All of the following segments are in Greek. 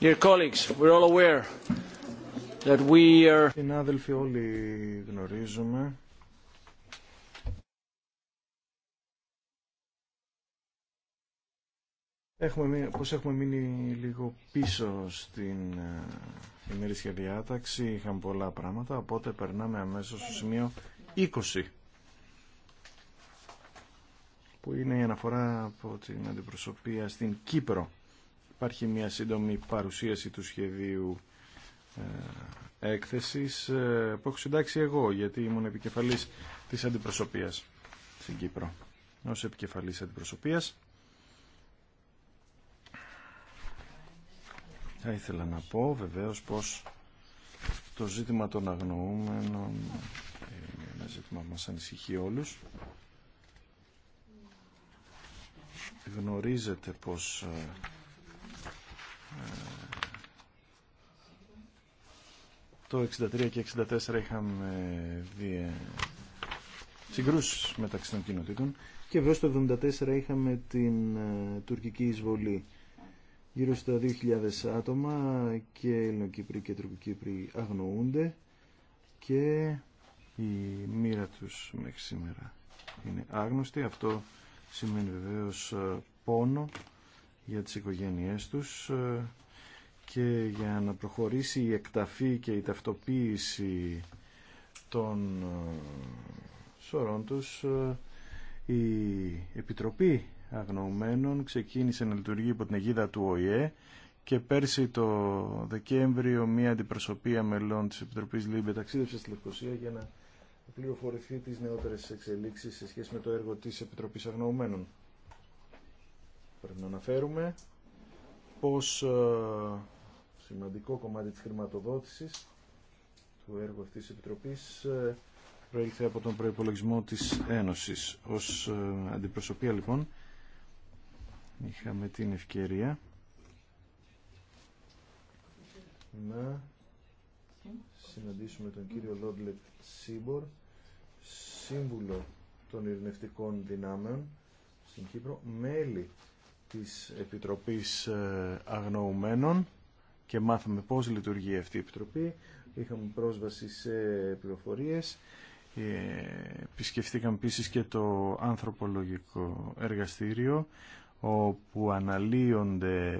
Dear colleagues, we're we are... Συνάδελφοι όλοι γνωρίζουμε Έχουμε, πως έχουμε μείνει λίγο πίσω ε, στην ημερήσια διάταξη, είχαμε πολλά πράγματα, οπότε περνάμε αμέσως στο σημείο 20 που είναι η αναφορά από την αντιπροσωπεία στην Κύπρο. Υπάρχει μια σύντομη παρουσίαση του σχεδίου ε, έκθεσης ε, που έχω συντάξει εγώ γιατί ήμουν επικεφαλής της αντιπροσωπείας στην Κύπρο ως επικεφαλής αντιπροσωπείας θα ήθελα να πω βεβαίως πως το ζήτημα των αγνοούμενων είναι ένα ζήτημα που μας ανησυχεί όλους γνωρίζετε πως ε, το 63 και 64 είχαμε δει ε, συγκρούσεις μεταξύ των κοινοτήτων και βέβαια το 74 είχαμε την ε, τουρκική εισβολή γύρω στα 2.000 άτομα και Ελληνοκύπροι και Τουρκοκύπροι αγνοούνται και η μοίρα τους μέχρι σήμερα είναι άγνωστη. Αυτό σημαίνει βεβαίως ε, πόνο για τις οικογένειές τους ε, και για να προχωρήσει η εκταφή και η ταυτοποίηση των ε, σωρών τους ε, η Επιτροπή Αγνοωμένων ξεκίνησε να λειτουργεί υπό την αιγίδα του ΟΗΕ και πέρσι το Δεκέμβριο μία αντιπροσωπεία μελών της Επιτροπής ΛΥΜΠΕ ταξίδευσε στη Λευκοσία για να πληροφορηθεί τις νεότερες εξελίξεις σε σχέση με το έργο της Επιτροπής Αγνοωμένων. Πρέπει να αναφέρουμε πως ε, σημαντικό κομμάτι της χρηματοδότησης του έργου αυτής της Επιτροπής ε, προήλθε από τον προϋπολογισμό της Ένωσης. Ως ε, αντιπροσωπεία λοιπόν είχαμε την ευκαιρία να συναντήσουμε τον κύριο Λόντλετ Σίμπορ, σύμβουλο των ειρηνευτικών δυνάμεων στην Κύπρο, μέλη της Επιτροπής ε, Αγνοουμένων και μάθαμε πώς λειτουργεί αυτή η Επιτροπή. Είχαμε πρόσβαση σε πληροφορίες. Ε, Επισκεφτήκαμε επίση και το ανθρωπολογικό εργαστήριο όπου αναλύονται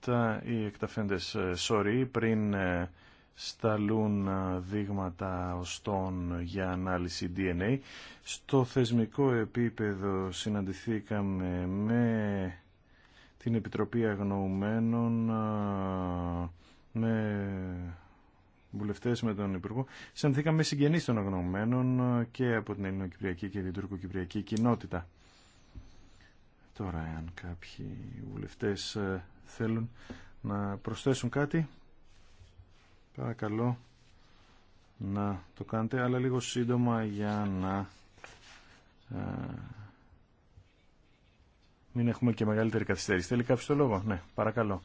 τα, οι εκταφέντες ε, σωροί πριν σταλούν δείγματα οστών για ανάλυση DNA. Στο θεσμικό επίπεδο συναντηθήκαμε με την Επιτροπή Αγνοουμένων, με βουλευτές, με τον Υπουργό. Συναντηθήκαμε με συγγενείς των αγνοουμένων και από την Ελληνοκυπριακή και την Τουρκοκυπριακή κοινότητα. Τώρα, αν κάποιοι βουλευτές θέλουν να προσθέσουν κάτι... Παρακαλώ να το κάνετε, αλλά λίγο σύντομα για να ε, μην έχουμε και μεγαλύτερη καθυστέρηση. Θέλει κάποιο το λόγο. Ναι, παρακαλώ.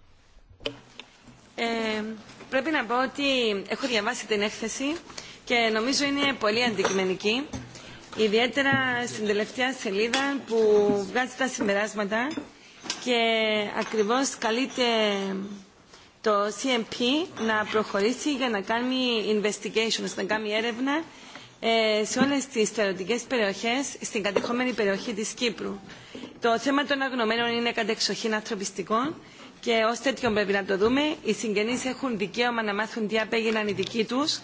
Ε, πρέπει να πω ότι έχω διαβάσει την έκθεση και νομίζω είναι πολύ αντικειμενική. Ιδιαίτερα στην τελευταία σελίδα που βγάζει τα συμπεράσματα και ακριβώς καλείται το CMP να προχωρήσει για να κάνει investigations, να κάνει έρευνα ε, σε όλες τις θεωρητικές περιοχές στην κατεχόμενη περιοχή της Κύπρου. Το θέμα των αγνωμένων είναι κατεξοχήν ανθρωπιστικών και ω τέτοιο πρέπει να το δούμε. Οι συγγενείς έχουν δικαίωμα να μάθουν τι απέγιναν οι δικοί τους.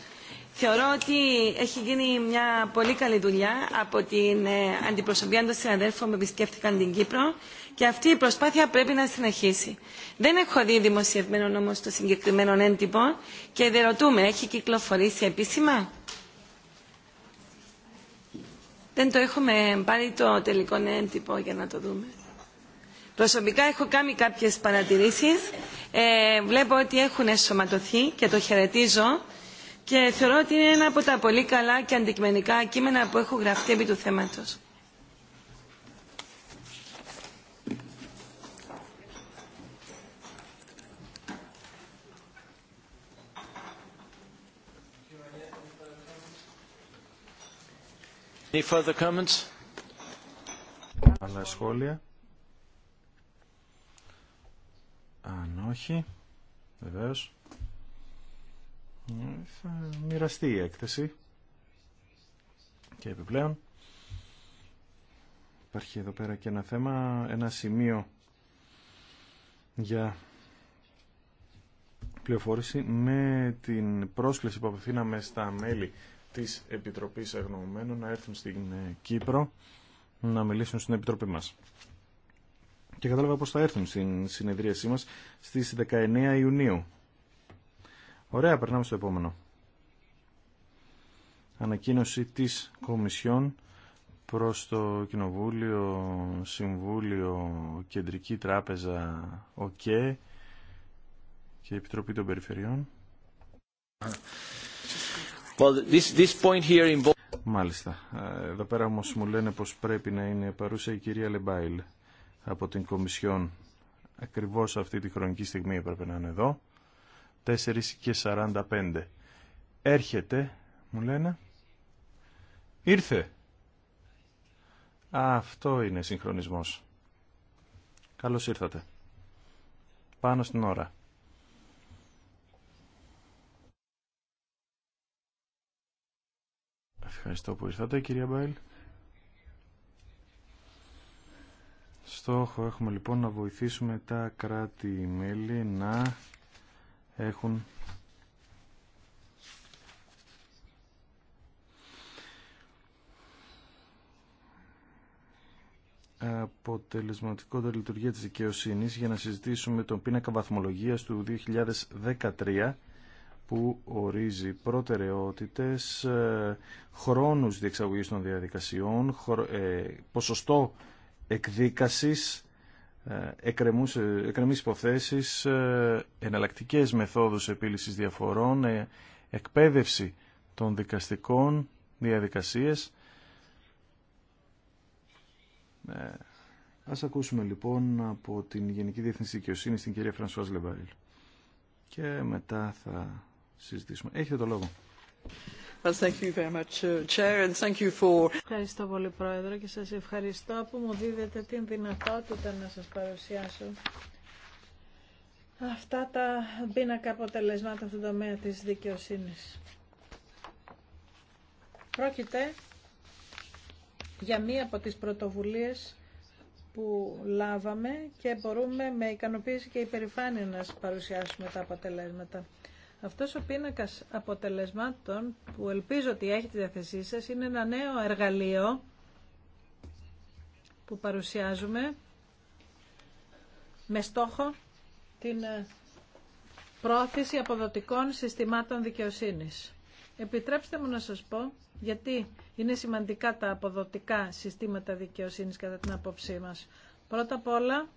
Θεωρώ ότι έχει γίνει μια πολύ καλή δουλειά από την ε, αντιπροσωπεία των συναδέλφων που επισκέφτηκαν την Κύπρο και αυτή η προσπάθεια πρέπει να συνεχίσει. Δεν έχω δει δημοσιευμένο όμω το συγκεκριμένο έντυπο και δεν ρωτούμε, έχει κυκλοφορήσει επίσημα. Δεν το έχουμε πάρει το τελικό έντυπο για να το δούμε. Προσωπικά έχω κάνει κάποιες παρατηρήσεις. Ε, βλέπω ότι έχουν εσωματωθεί και το χαιρετίζω και θεωρώ ότι είναι ένα από τα πολύ καλά και αντικειμενικά κείμενα που έχω γραφτεί επί του θέματος. Άλλα σχόλια. Αν όχι, βεβαίω. Θα μοιραστεί η έκθεση. Και επιπλέον. Υπάρχει εδώ πέρα και ένα θέμα, ένα σημείο για πληροφόρηση με την πρόσκληση που απευθύναμε στα μέλη της Επιτροπής Αγνοωμένων να έρθουν στην ε, Κύπρο να μιλήσουν στην Επιτροπή μας. Και κατάλαβα πως θα έρθουν στην συνεδρίασή μας στις 19 Ιουνίου. Ωραία, περνάμε στο επόμενο. Ανακοίνωση της Κομισιόν προς το Κοινοβούλιο, Συμβούλιο, Κεντρική Τράπεζα, ΟΚΕ και Επιτροπή των Περιφερειών. Μάλιστα. Ε, εδώ πέρα όμως μου λένε πως πρέπει να είναι παρούσα η κυρία Λεμπάιλ από την Κομισιόν. Ακριβώς αυτή τη χρονική στιγμή έπρεπε να είναι εδώ. 4 και 45. Έρχεται, μου λένε. Ήρθε. αυτό είναι συγχρονισμός. Καλώς ήρθατε. Πάνω στην ώρα. Ευχαριστώ που ήρθατε κυρία Μπάιλ. Στόχο έχουμε λοιπόν να βοηθήσουμε τα κράτη-μέλη να έχουν αποτελεσματικότερη λειτουργία της δικαιοσύνη για να συζητήσουμε τον πίνακα βαθμολογίας του 2013 που ορίζει προτεραιότητες, ε, χρόνους διεξαγωγής των διαδικασιών, ε, ποσοστό εκδίκασης, εκρεμούς, εκρεμής υποθέσεις, ε, εναλλακτικές μεθόδους επίλυσης διαφορών, εκπαίδευση των δικαστικών διαδικασίες. Ας ακούσουμε λοιπόν από την Γενική διεθνή Δικαιοσύνη την κυρία Φρανσουάς Λεμπαρίλ. Και μετά θα συζητήσουμε. Έχετε το λόγο. Thank you very much, uh, Chair, and thank you for... Ευχαριστώ πολύ Πρόεδρο και σας ευχαριστώ που μου δίδετε την δυνατότητα να σας παρουσιάσω αυτά τα πίνακα αποτελεσμάτων στον τομέα της δικαιοσύνης. Πρόκειται για μία από τις πρωτοβουλίες που λάβαμε και μπορούμε με ικανοποίηση και υπερηφάνεια να σας παρουσιάσουμε τα αποτελέσματα. Αυτός ο πίνακας αποτελεσμάτων που ελπίζω ότι έχει τη διαθεσή σας είναι ένα νέο εργαλείο που παρουσιάζουμε με στόχο την ε, πρόθεση αποδοτικών συστημάτων δικαιοσύνης. Επιτρέψτε μου να σας πω γιατί είναι σημαντικά τα αποδοτικά συστήματα δικαιοσύνης κατά την απόψή μας. Πρώτα απ' όλα,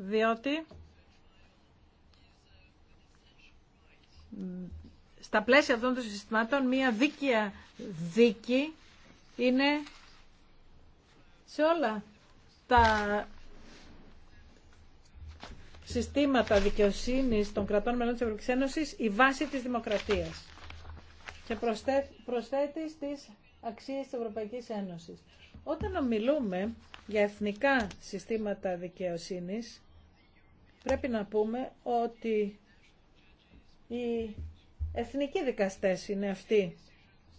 διότι στα πλαίσια αυτών των συστημάτων μία δίκαια δίκη είναι σε όλα τα συστήματα δικαιοσύνης των κρατών μελών της Ευρωπαϊκής Ένωσης η βάση της δημοκρατίας και προσθέτει στις αξίες της Ευρωπαϊκής Ένωσης. Όταν ομιλούμε για εθνικά συστήματα δικαιοσύνης, πρέπει να πούμε ότι οι εθνικοί δικαστές είναι αυτοί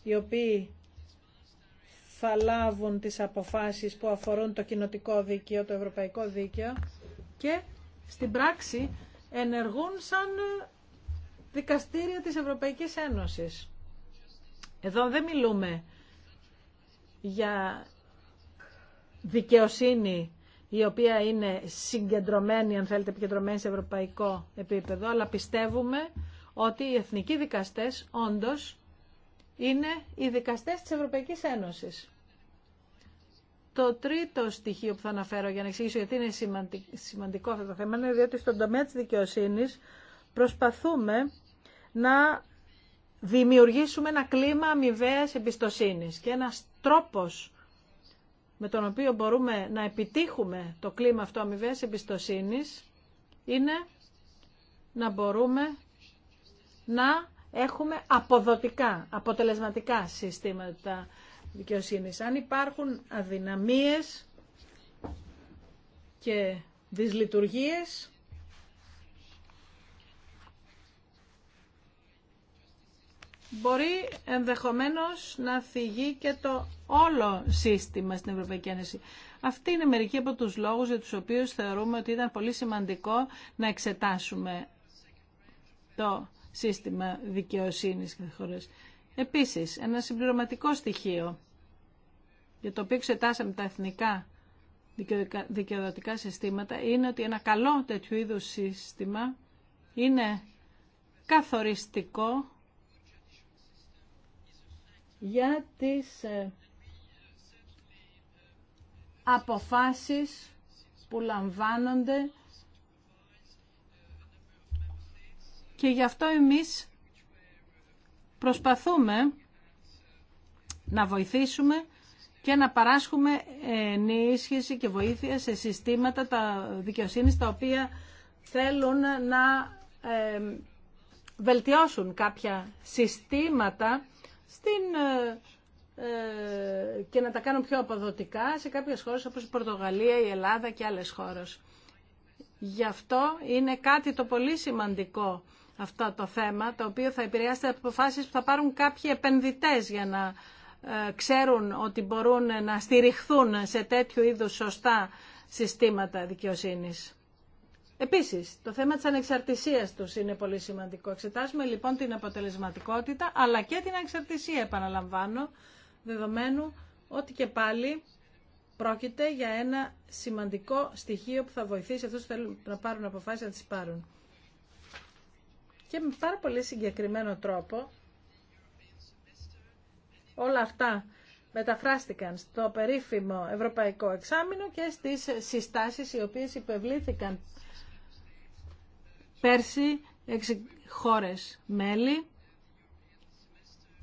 οι οποίοι θα λάβουν τις αποφάσεις που αφορούν το κοινοτικό δίκαιο, το ευρωπαϊκό δίκαιο και στην πράξη ενεργούν σαν δικαστήρια της Ευρωπαϊκής Ένωσης. Εδώ δεν μιλούμε για δικαιοσύνη η οποία είναι συγκεντρωμένη, αν θέλετε, επικεντρωμένη σε ευρωπαϊκό επίπεδο, αλλά πιστεύουμε ότι οι εθνικοί δικαστές όντως είναι οι δικαστές της Ευρωπαϊκής Ένωσης. Το τρίτο στοιχείο που θα αναφέρω για να εξηγήσω γιατί είναι σημαντικό αυτό το θέμα είναι διότι στον τομέα της δικαιοσύνης προσπαθούμε να δημιουργήσουμε ένα κλίμα αμοιβαίας εμπιστοσύνης και ένας τρόπος με τον οποίο μπορούμε να επιτύχουμε το κλίμα αυτό αμοιβαίας εμπιστοσύνης είναι να μπορούμε να έχουμε αποδοτικά, αποτελεσματικά συστήματα δικαιοσύνης. Αν υπάρχουν αδυναμίες και δυσλειτουργίες, μπορεί ενδεχομένως να θυγεί και το όλο σύστημα στην Ευρωπαϊκή Ένωση. Αυτή είναι μερικοί από τους λόγους για τους οποίους θεωρούμε ότι ήταν πολύ σημαντικό να εξετάσουμε το σύστημα δικαιοσύνης και χώρες. Επίσης, ένα συμπληρωματικό στοιχείο για το οποίο εξετάσαμε τα εθνικά δικαιοδοτικά συστήματα είναι ότι ένα καλό τέτοιου είδου σύστημα είναι καθοριστικό για τις ε, αποφάσεις που λαμβάνονται Και γι' αυτό εμείς προσπαθούμε να βοηθήσουμε και να παράσχουμε ενίσχυση και βοήθεια σε συστήματα τα δικαιοσύνης τα οποία θέλουν να βελτιώσουν κάποια συστήματα στην, ε, ε, και να τα κάνουν πιο αποδοτικά σε κάποιες χώρες όπως η Πορτογαλία, η Ελλάδα και άλλες χώρες. Γι' αυτό είναι κάτι το πολύ σημαντικό αυτό το θέμα, το οποίο θα επηρεάσει από αποφάσεις που θα πάρουν κάποιοι επενδυτές για να ε, ξέρουν ότι μπορούν να στηριχθούν σε τέτοιου είδους σωστά συστήματα δικαιοσύνης. Επίσης, το θέμα της ανεξαρτησίας τους είναι πολύ σημαντικό. Εξετάζουμε λοιπόν την αποτελεσματικότητα, αλλά και την ανεξαρτησία, επαναλαμβάνω, δεδομένου ότι και πάλι πρόκειται για ένα σημαντικό στοιχείο που θα βοηθήσει αυτούς που θέλουν να πάρουν αποφάσεις να τις πάρουν και με πάρα πολύ συγκεκριμένο τρόπο όλα αυτά μεταφράστηκαν στο περίφημο Ευρωπαϊκό Εξάμεινο και στις συστάσεις οι οποίες υπευλήθηκαν πέρσι έξι χώρες μέλη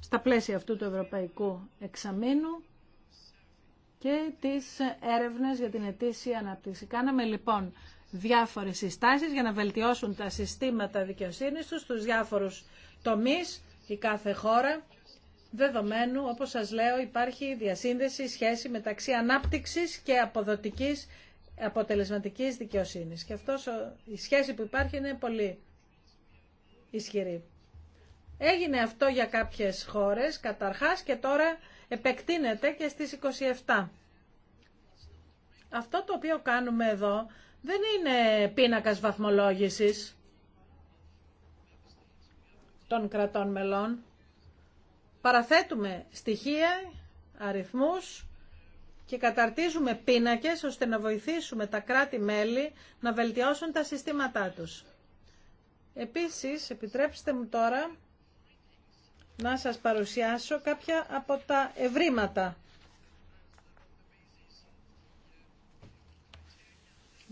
στα πλαίσια αυτού του Ευρωπαϊκού Εξαμήνου και τις έρευνες για την ετήσια ανάπτυξη. Κάναμε λοιπόν διάφορες συστάσεις για να βελτιώσουν τα συστήματα δικαιοσύνης τους στους διάφορους τομείς η κάθε χώρα. Δεδομένου, όπως σας λέω, υπάρχει διασύνδεση, σχέση μεταξύ ανάπτυξης και αποδοτικής αποτελεσματικής δικαιοσύνης. Και αυτός, η σχέση που υπάρχει είναι πολύ ισχυρή. Έγινε αυτό για κάποιες χώρες καταρχάς και τώρα επεκτείνεται και στις 27. Αυτό το οποίο κάνουμε εδώ δεν είναι πίνακας βαθμολόγησης των κρατών μελών. Παραθέτουμε στοιχεία, αριθμούς και καταρτίζουμε πίνακες ώστε να βοηθήσουμε τα κράτη-μέλη να βελτιώσουν τα συστήματά τους. Επίσης, επιτρέψτε μου τώρα να σας παρουσιάσω κάποια από τα ευρήματα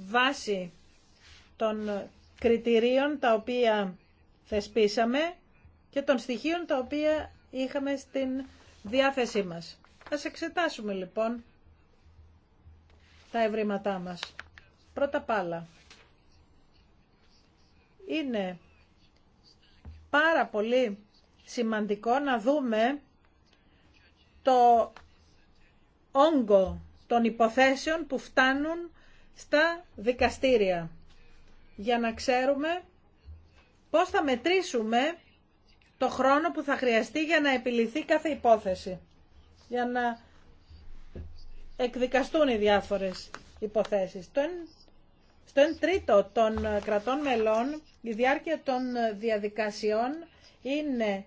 βάσει των κριτηρίων τα οποία θεσπίσαμε και των στοιχείων τα οποία είχαμε στην διάθεσή μας. Ας εξετάσουμε λοιπόν τα ευρήματά μας. Πρώτα πάλα. Είναι πάρα πολύ σημαντικό να δούμε το όγκο των υποθέσεων που φτάνουν στα δικαστήρια για να ξέρουμε πώς θα μετρήσουμε το χρόνο που θα χρειαστεί για να επιληθεί κάθε υπόθεση, για να εκδικαστούν οι διάφορες υποθέσεις. Στο εν τρίτο των κρατών μελών η διάρκεια των διαδικασιών είναι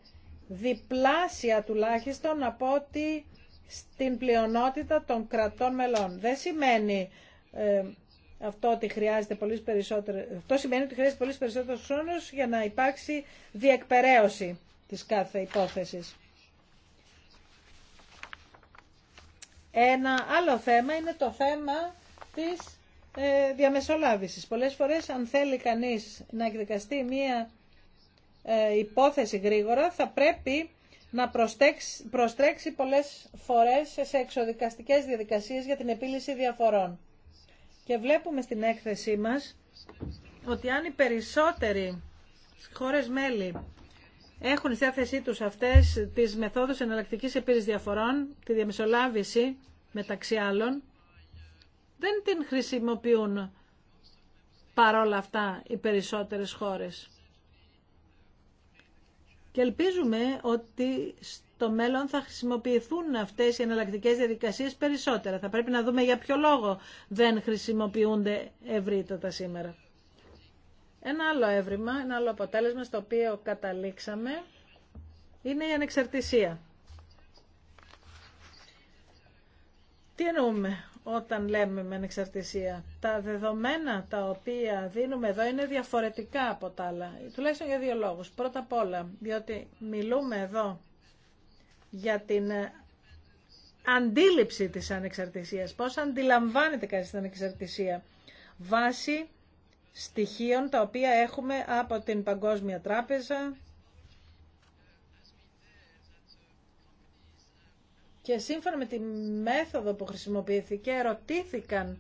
διπλάσια τουλάχιστον από ότι στην πλειονότητα των κρατών μελών. Δεν σημαίνει ε, αυτό ότι χρειάζεται πολύς περισσότερο, αυτό σημαίνει ότι χρειάζεται πολύ περισσότερο χρόνο για να υπάρξει διεκπαιρέωση της κάθε υπόθεσης. Ένα άλλο θέμα είναι το θέμα της ε, διαμεσολάβησης. Πολλές φορές αν θέλει κανείς να εκδικαστεί μία ε, υπόθεση γρήγορα θα πρέπει να προστρέξει πολλές φορές σε εξοδικαστικές διαδικασίες για την επίλυση διαφορών. Και βλέπουμε στην έκθεσή μας ότι αν οι περισσότεροι χώρες μέλη έχουν στη διάθεσή τους αυτές τις μεθόδους εναλλακτικής επίρρησης διαφορών, τη διαμεσολάβηση μεταξύ άλλων, δεν την χρησιμοποιούν παρόλα αυτά οι περισσότερες χώρες. Και ελπίζουμε ότι το μέλλον θα χρησιμοποιηθούν αυτές οι εναλλακτικές διαδικασίες περισσότερα. Θα πρέπει να δούμε για ποιο λόγο δεν χρησιμοποιούνται ευρύτατα σήμερα. Ένα άλλο έβριμα, ένα άλλο αποτέλεσμα στο οποίο καταλήξαμε είναι η ανεξαρτησία. Τι εννοούμε όταν λέμε με ανεξαρτησία. Τα δεδομένα τα οποία δίνουμε εδώ είναι διαφορετικά από τα άλλα, τουλάχιστον για δύο λόγους. Πρώτα απ' όλα, διότι μιλούμε εδώ για την ε, αντίληψη της ανεξαρτησίας. Πώς αντιλαμβάνεται κανείς την ανεξαρτησία βάσει στοιχείων τα οποία έχουμε από την Παγκόσμια Τράπεζα και σύμφωνα με τη μέθοδο που χρησιμοποιήθηκε ερωτήθηκαν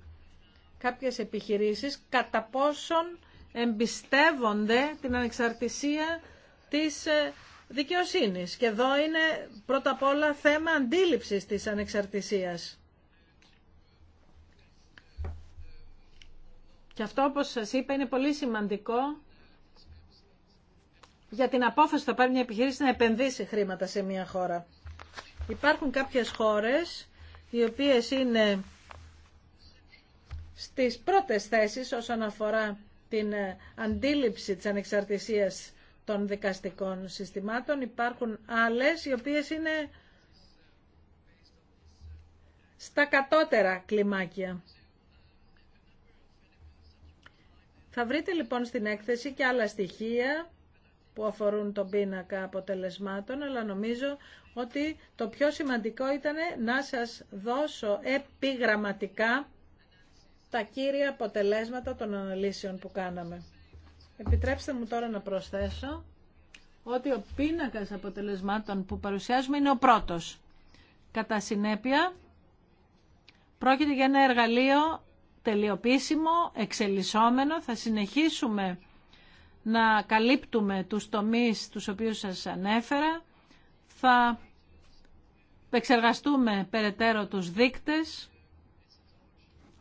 κάποιες επιχειρήσεις κατά πόσον εμπιστεύονται την ανεξαρτησία της ε, δικαιοσύνης. Και εδώ είναι πρώτα απ' όλα θέμα αντίληψης της ανεξαρτησίας. Και αυτό όπως σας είπα είναι πολύ σημαντικό για την απόφαση θα πάρει μια επιχείρηση να επενδύσει χρήματα σε μια χώρα. Υπάρχουν κάποιες χώρες οι οποίες είναι στις πρώτες θέσεις όσον αφορά την ε, αντίληψη της ανεξαρτησίας των δικαστικών συστημάτων. Υπάρχουν άλλες οι οποίες είναι στα κατώτερα κλιμάκια. Θα βρείτε λοιπόν στην έκθεση και άλλα στοιχεία που αφορούν τον πίνακα αποτελεσμάτων, αλλά νομίζω ότι το πιο σημαντικό ήταν να σας δώσω επιγραμματικά τα κύρια αποτελέσματα των αναλύσεων που κάναμε. Επιτρέψτε μου τώρα να προσθέσω ότι ο πίνακας αποτελεσμάτων που παρουσιάζουμε είναι ο πρώτος. Κατά συνέπεια, πρόκειται για ένα εργαλείο τελειοποίησιμο, εξελισσόμενο. Θα συνεχίσουμε να καλύπτουμε τους τομείς τους οποίους σας ανέφερα. Θα εξεργαστούμε περαιτέρω τους δείκτες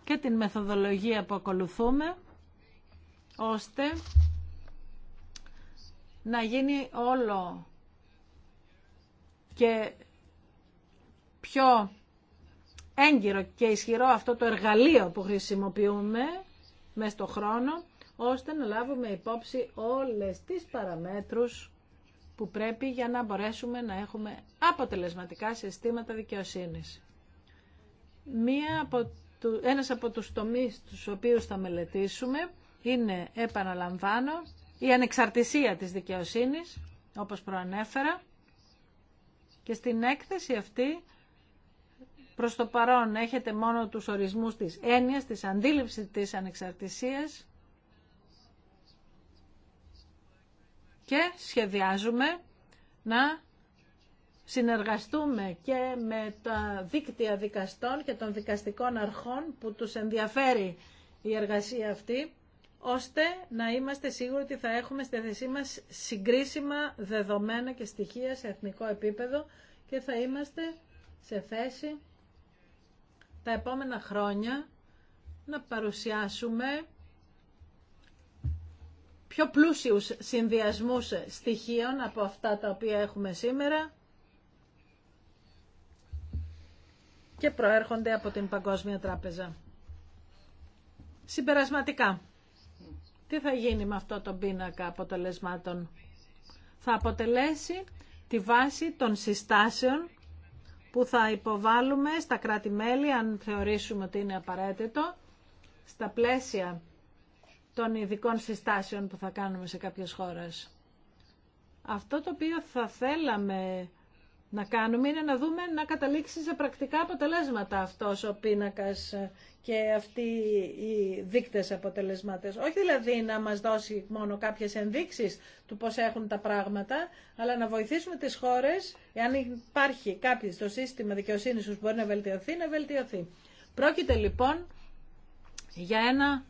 και την μεθοδολογία που ακολουθούμε, ώστε να γίνει όλο και πιο έγκυρο και ισχυρό αυτό το εργαλείο που χρησιμοποιούμε μέσα στο χρόνο, ώστε να λάβουμε υπόψη όλες τις παραμέτρους που πρέπει για να μπορέσουμε να έχουμε αποτελεσματικά συστήματα δικαιοσύνης. Μία από του, ένας από τους τομείς τους οποίους θα μελετήσουμε είναι, επαναλαμβάνω, η ανεξαρτησία της δικαιοσύνης, όπως προανέφερα, και στην έκθεση αυτή προς το παρόν έχετε μόνο τους ορισμούς της έννοιας, της αντίληψης της ανεξαρτησίας και σχεδιάζουμε να συνεργαστούμε και με τα δίκτυα δικαστών και των δικαστικών αρχών που τους ενδιαφέρει η εργασία αυτή ώστε να είμαστε σίγουροι ότι θα έχουμε στη θέση μας συγκρίσιμα δεδομένα και στοιχεία σε εθνικό επίπεδο και θα είμαστε σε θέση τα επόμενα χρόνια να παρουσιάσουμε πιο πλούσιους συνδυασμούς στοιχείων από αυτά τα οποία έχουμε σήμερα και προέρχονται από την Παγκόσμια Τράπεζα. Συμπερασματικά. Τι θα γίνει με αυτό το πίνακα αποτελεσμάτων. Θα αποτελέσει τη βάση των συστάσεων που θα υποβάλουμε στα κράτη-μέλη, αν θεωρήσουμε ότι είναι απαραίτητο, στα πλαίσια των ειδικών συστάσεων που θα κάνουμε σε κάποιες χώρες. Αυτό το οποίο θα θέλαμε να κάνουμε είναι να δούμε να καταλήξει σε πρακτικά αποτελέσματα αυτός ο πίνακας και αυτοί οι δείκτες αποτελεσμάτες. Όχι δηλαδή να μας δώσει μόνο κάποιες ενδείξεις του πώς έχουν τα πράγματα, αλλά να βοηθήσουμε τις χώρες, εάν υπάρχει κάποιο στο σύστημα δικαιοσύνης που μπορεί να βελτιωθεί, να βελτιωθεί. Πρόκειται λοιπόν για ένα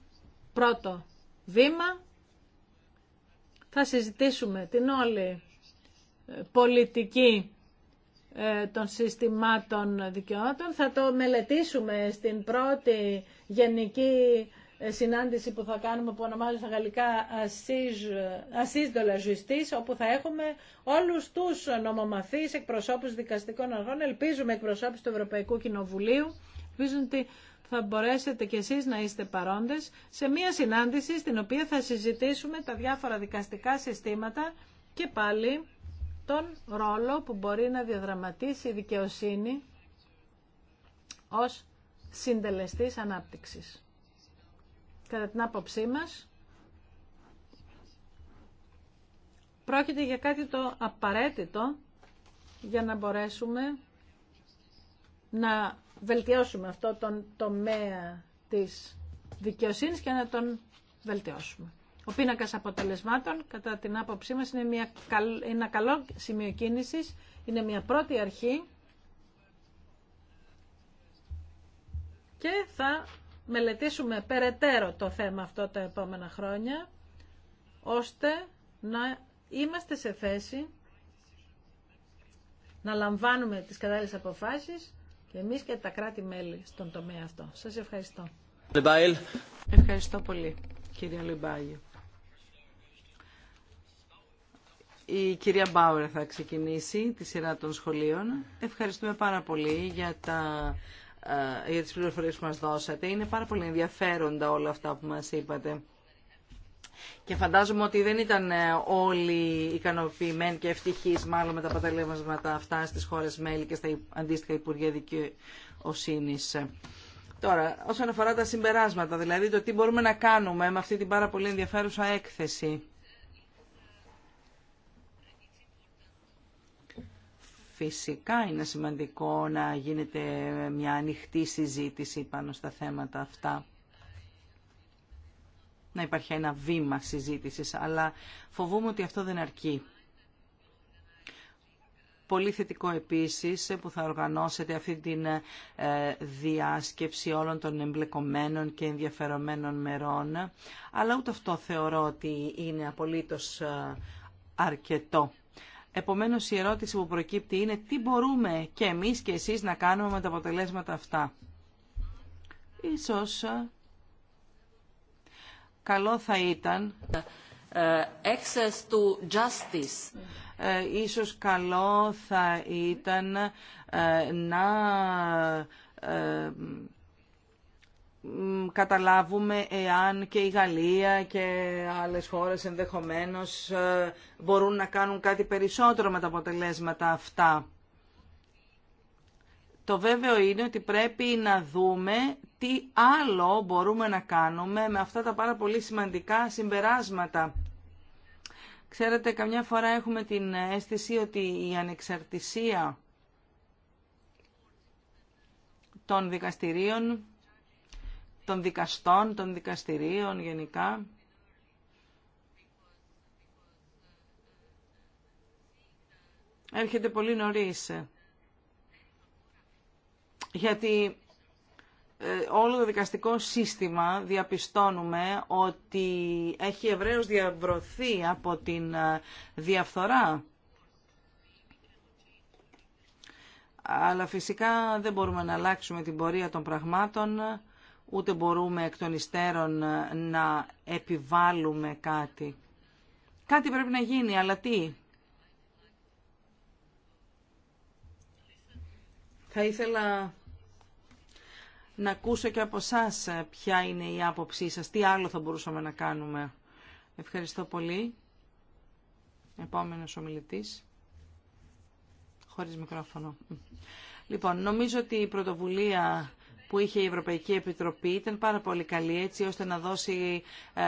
πρώτο βήμα. Θα συζητήσουμε την όλη πολιτική ε, των συστημάτων δικαιωμάτων, Θα το μελετήσουμε στην πρώτη γενική ε, συνάντηση που θα κάνουμε που ονομάζεται στα γαλλικά Assis de la Justice, όπου θα έχουμε όλους τους νομομαθείς εκπροσώπους δικαστικών αργών, ελπίζουμε εκπροσώπους του Ευρωπαϊκού Κοινοβουλίου, ελπίζουν ότι θα μπορέσετε κι εσείς να είστε παρόντες σε μια συνάντηση στην οποία θα συζητήσουμε τα διάφορα δικαστικά συστήματα και πάλι τον ρόλο που μπορεί να διαδραματίσει η δικαιοσύνη ως συντελεστής ανάπτυξης. Κατά την άποψή μας, πρόκειται για κάτι το απαραίτητο για να μπορέσουμε να βελτιώσουμε αυτό τον τομέα της δικαιοσύνης και να τον βελτιώσουμε. Ο πίνακας αποτελεσμάτων, κατά την άποψή μα είναι μια, ένα καλό σημείο κίνηση. είναι μια πρώτη αρχή και θα μελετήσουμε περαιτέρω το θέμα αυτό τα επόμενα χρόνια, ώστε να είμαστε σε θέση να λαμβάνουμε τις κατάλληλες αποφάσεις και εμείς και τα κράτη-μέλη στον τομέα αυτό. Σας ευχαριστώ. Ευχαριστώ πολύ, κύριε Λιμπάγιο. Η κυρία Μπάουερ θα ξεκινήσει τη σειρά των σχολείων. Ευχαριστούμε πάρα πολύ για, τα, ε, για τις πληροφορίες που μας δώσατε. Είναι πάρα πολύ ενδιαφέροντα όλα αυτά που μας είπατε. Και φαντάζομαι ότι δεν ήταν ε, όλοι ικανοποιημένοι και ευτυχεί, μάλλον με τα αποτελέσματα αυτά στις χώρες μέλη και στα αντίστοιχα Υπουργεία Δικαιοσύνης. Τώρα, όσον αφορά τα συμπεράσματα, δηλαδή το τι μπορούμε να κάνουμε με αυτή την πάρα πολύ ενδιαφέρουσα έκθεση. Φυσικά είναι σημαντικό να γίνεται μια ανοιχτή συζήτηση πάνω στα θέματα αυτά. Να υπάρχει ένα βήμα συζήτησης, αλλά φοβούμαι ότι αυτό δεν αρκεί. Πολύ θετικό επίσης που θα οργανώσετε αυτή τη ε, διάσκεψη όλων των εμπλεκομένων και ενδιαφερομένων μερών, αλλά ούτε αυτό θεωρώ ότι είναι απολύτως ε, αρκετό. Επομένως η ερώτηση που προκύπτει είναι τι μπορούμε και εμείς και εσείς να κάνουμε με τα αποτελέσματα αυτά. Ίσως καλό θα ήταν ε, access to justice. Ε, ίσως καλό θα ήταν ε, να καταλάβουμε εάν και η Γαλλία και άλλες χώρες ενδεχομένως ε, μπορούν να κάνουν κάτι περισσότερο με τα αποτελέσματα αυτά. Το βέβαιο είναι ότι πρέπει να δούμε τι άλλο μπορούμε να κάνουμε με αυτά τα πάρα πολύ σημαντικά συμπεράσματα. Ξέρετε, καμιά φορά έχουμε την αίσθηση ότι η ανεξαρτησία των δικαστηρίων των δικαστών, των δικαστηρίων γενικά. Έρχεται πολύ νωρίς. Γιατί ε, όλο το δικαστικό σύστημα διαπιστώνουμε ότι έχει ευρέως διαβρωθεί από την ε, διαφθορά. Αλλά φυσικά δεν μπορούμε να αλλάξουμε την πορεία των πραγμάτων ούτε μπορούμε εκ των υστέρων να επιβάλλουμε κάτι. Κάτι πρέπει να γίνει, αλλά τι. Θα ήθελα να ακούσω και από εσά ποια είναι η άποψή σας, τι άλλο θα μπορούσαμε να κάνουμε. Ευχαριστώ πολύ. Επόμενος ομιλητής. Χωρίς μικρόφωνο. Λοιπόν, νομίζω ότι η πρωτοβουλία που είχε η Ευρωπαϊκή Επιτροπή ήταν πάρα πολύ καλή έτσι ώστε να δώσει ε,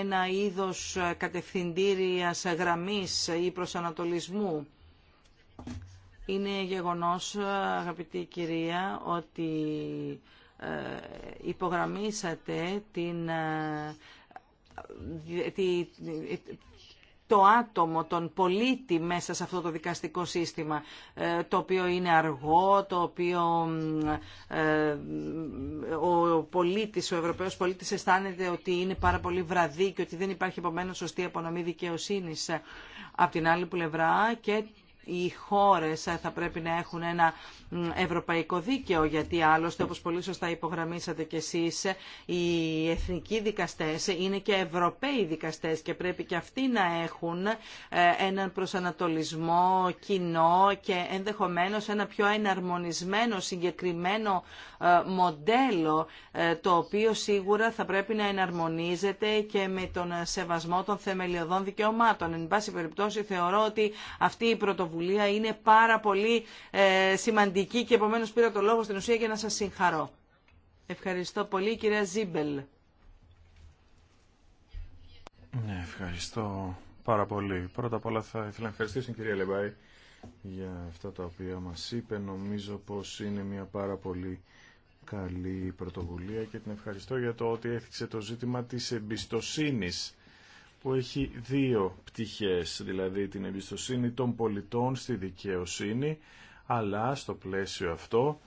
ένα είδος ε, κατευθυντήριας γραμμής ή προσανατολισμού. Είναι γεγονός, αγαπητή κυρία, ότι ε, υπογραμμίσατε την το άτομο, τον πολίτη μέσα σε αυτό το δικαστικό σύστημα, ε, το οποίο είναι αργό, το οποίο ε, ο πολίτης, ο Ευρωπαίος πολίτης αισθάνεται ότι είναι πάρα πολύ βραδύ και ότι δεν υπάρχει επομένως σωστή απονομή δικαιοσύνης. Ε, Από την άλλη πλευρά και οι χώρες θα πρέπει να έχουν ένα ευρωπαϊκό δίκαιο, γιατί άλλωστε, όπως πολύ σωστά υπογραμμίσατε κι εσείς, οι εθνικοί δικαστές είναι και ευρωπαίοι δικαστές και πρέπει και αυτοί να έχουν ε, έναν προσανατολισμό κοινό και ενδεχομένως ένα πιο εναρμονισμένο συγκεκριμένο ε, μοντέλο, ε, το οποίο σίγουρα θα πρέπει να εναρμονίζεται και με τον σεβασμό των θεμελιωδών δικαιωμάτων. Εν πάση περιπτώσει, θεωρώ ότι αυτή η πρωτοβουλία πρωτοβουλία είναι πάρα πολύ ε, σημαντική και επομένως πήρα το λόγο στην ουσία για να σας συγχαρώ. Ευχαριστώ πολύ κυρία Ζίμπελ. Ναι, ευχαριστώ πάρα πολύ. Πρώτα απ' όλα θα ήθελα να ευχαριστήσω την κυρία Λεμπάη για αυτά τα οποία μας είπε. Νομίζω πως είναι μια πάρα πολύ καλή πρωτοβουλία και την ευχαριστώ για το ότι έθιξε το ζήτημα της εμπιστοσύνης που έχει δύο πτυχές, δηλαδή την εμπιστοσύνη των πολιτών στη δικαιοσύνη, αλλά στο πλαίσιο αυτό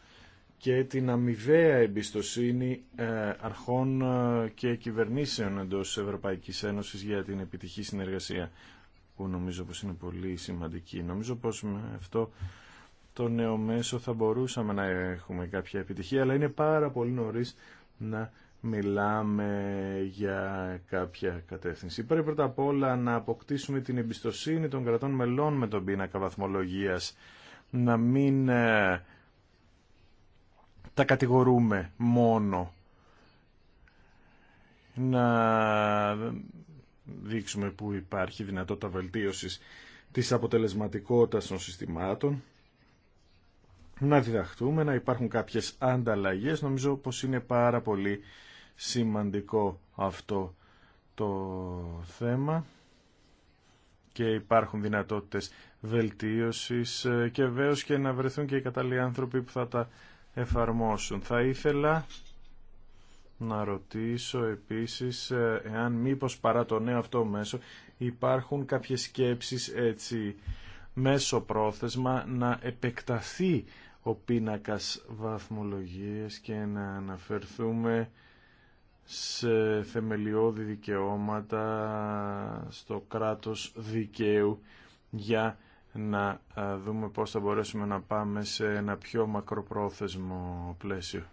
και την αμοιβαία εμπιστοσύνη ε, αρχών ε, και κυβερνήσεων εντός Ευρωπαϊκής Ένωσης για την επιτυχή συνεργασία, που νομίζω πως είναι πολύ σημαντική. Νομίζω πως με αυτό το νέο μέσο θα μπορούσαμε να έχουμε κάποια επιτυχία, αλλά είναι πάρα πολύ νωρίς να μιλάμε για κάποια κατεύθυνση. Πρέπει πρώτα απ' όλα να αποκτήσουμε την εμπιστοσύνη των κρατών μελών με τον πίνακα βαθμολογίας, να μην ε, τα κατηγορούμε μόνο, να δείξουμε που υπάρχει δυνατότητα βελτίωσης της αποτελεσματικότητας των συστημάτων, να διδαχτούμε, να υπάρχουν κάποιες ανταλλαγές. Νομίζω πως είναι πάρα πολύ σημαντικό αυτό το θέμα και υπάρχουν δυνατότητες βελτίωσης ε, και βέβαιως και να βρεθούν και οι κατάλληλοι άνθρωποι που θα τα εφαρμόσουν. Θα ήθελα να ρωτήσω επίσης ε, εάν μήπως παρά το νέο αυτό μέσο υπάρχουν κάποιες σκέψεις έτσι μέσω πρόθεσμα να επεκταθεί ο πίνακας βαθμολογίες και να αναφερθούμε σε θεμελιώδη δικαιώματα στο κράτος δικαίου για να δούμε πώς θα μπορέσουμε να πάμε σε ένα πιο μακροπρόθεσμο πλαίσιο.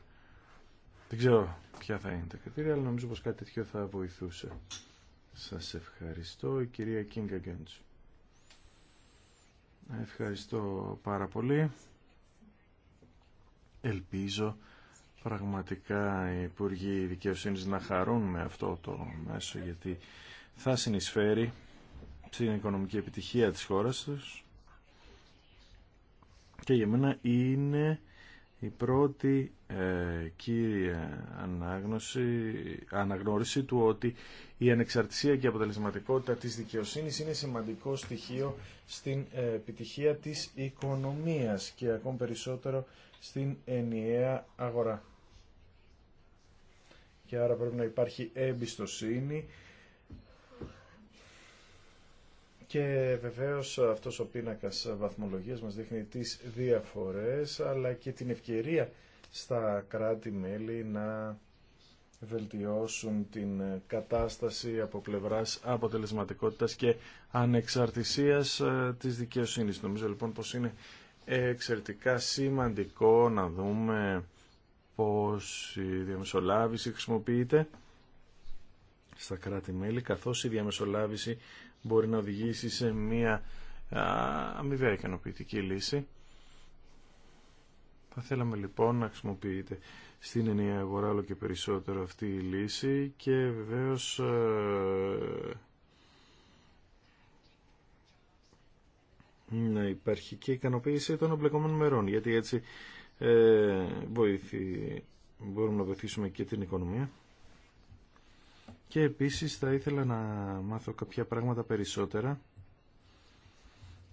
Δεν ξέρω ποια θα είναι τα κριτήρια, αλλά νομίζω πως κάτι τέτοιο θα βοηθούσε. Σας ευχαριστώ, η κυρία Κίνγκα Γκέντς. Ευχαριστώ πάρα πολύ. Ελπίζω πραγματικά οι Υπουργοί Δικαιοσύνης να χαρούν με αυτό το μέσο γιατί θα συνεισφέρει στην οικονομική επιτυχία της χώρας τους και για μένα είναι η πρώτη ε, κύρια ανάγνωση, αναγνώριση του ότι η ανεξαρτησία και η αποτελεσματικότητα της δικαιοσύνης είναι σημαντικό στοιχείο στην επιτυχία της οικονομίας και ακόμη περισσότερο στην ενιαία αγορά και άρα πρέπει να υπάρχει εμπιστοσύνη και βεβαίως αυτός ο πίνακας βαθμολογίας μας δείχνει τις διαφορές αλλά και την ευκαιρία στα κράτη-μέλη να βελτιώσουν την κατάσταση από πλευράς αποτελεσματικότητας και ανεξαρτησίας ε, της δικαιοσύνης. Νομίζω λοιπόν πως είναι εξαιρετικά σημαντικό να δούμε πώς η διαμεσολάβηση χρησιμοποιείται στα κράτη-μέλη, καθώς η διαμεσολάβηση μπορεί να οδηγήσει σε μια αμοιβαία ικανοποιητική λύση. Θα θέλαμε λοιπόν να χρησιμοποιείται στην ενιαία αγορά όλο και περισσότερο αυτή η λύση και βεβαίως ε, να υπάρχει και ικανοποίηση των εμπλεκόμενων μερών γιατί έτσι ε, βοηθεί, μπορούμε να βοηθήσουμε και την οικονομία. Και επίσης θα ήθελα να μάθω κάποια πράγματα περισσότερα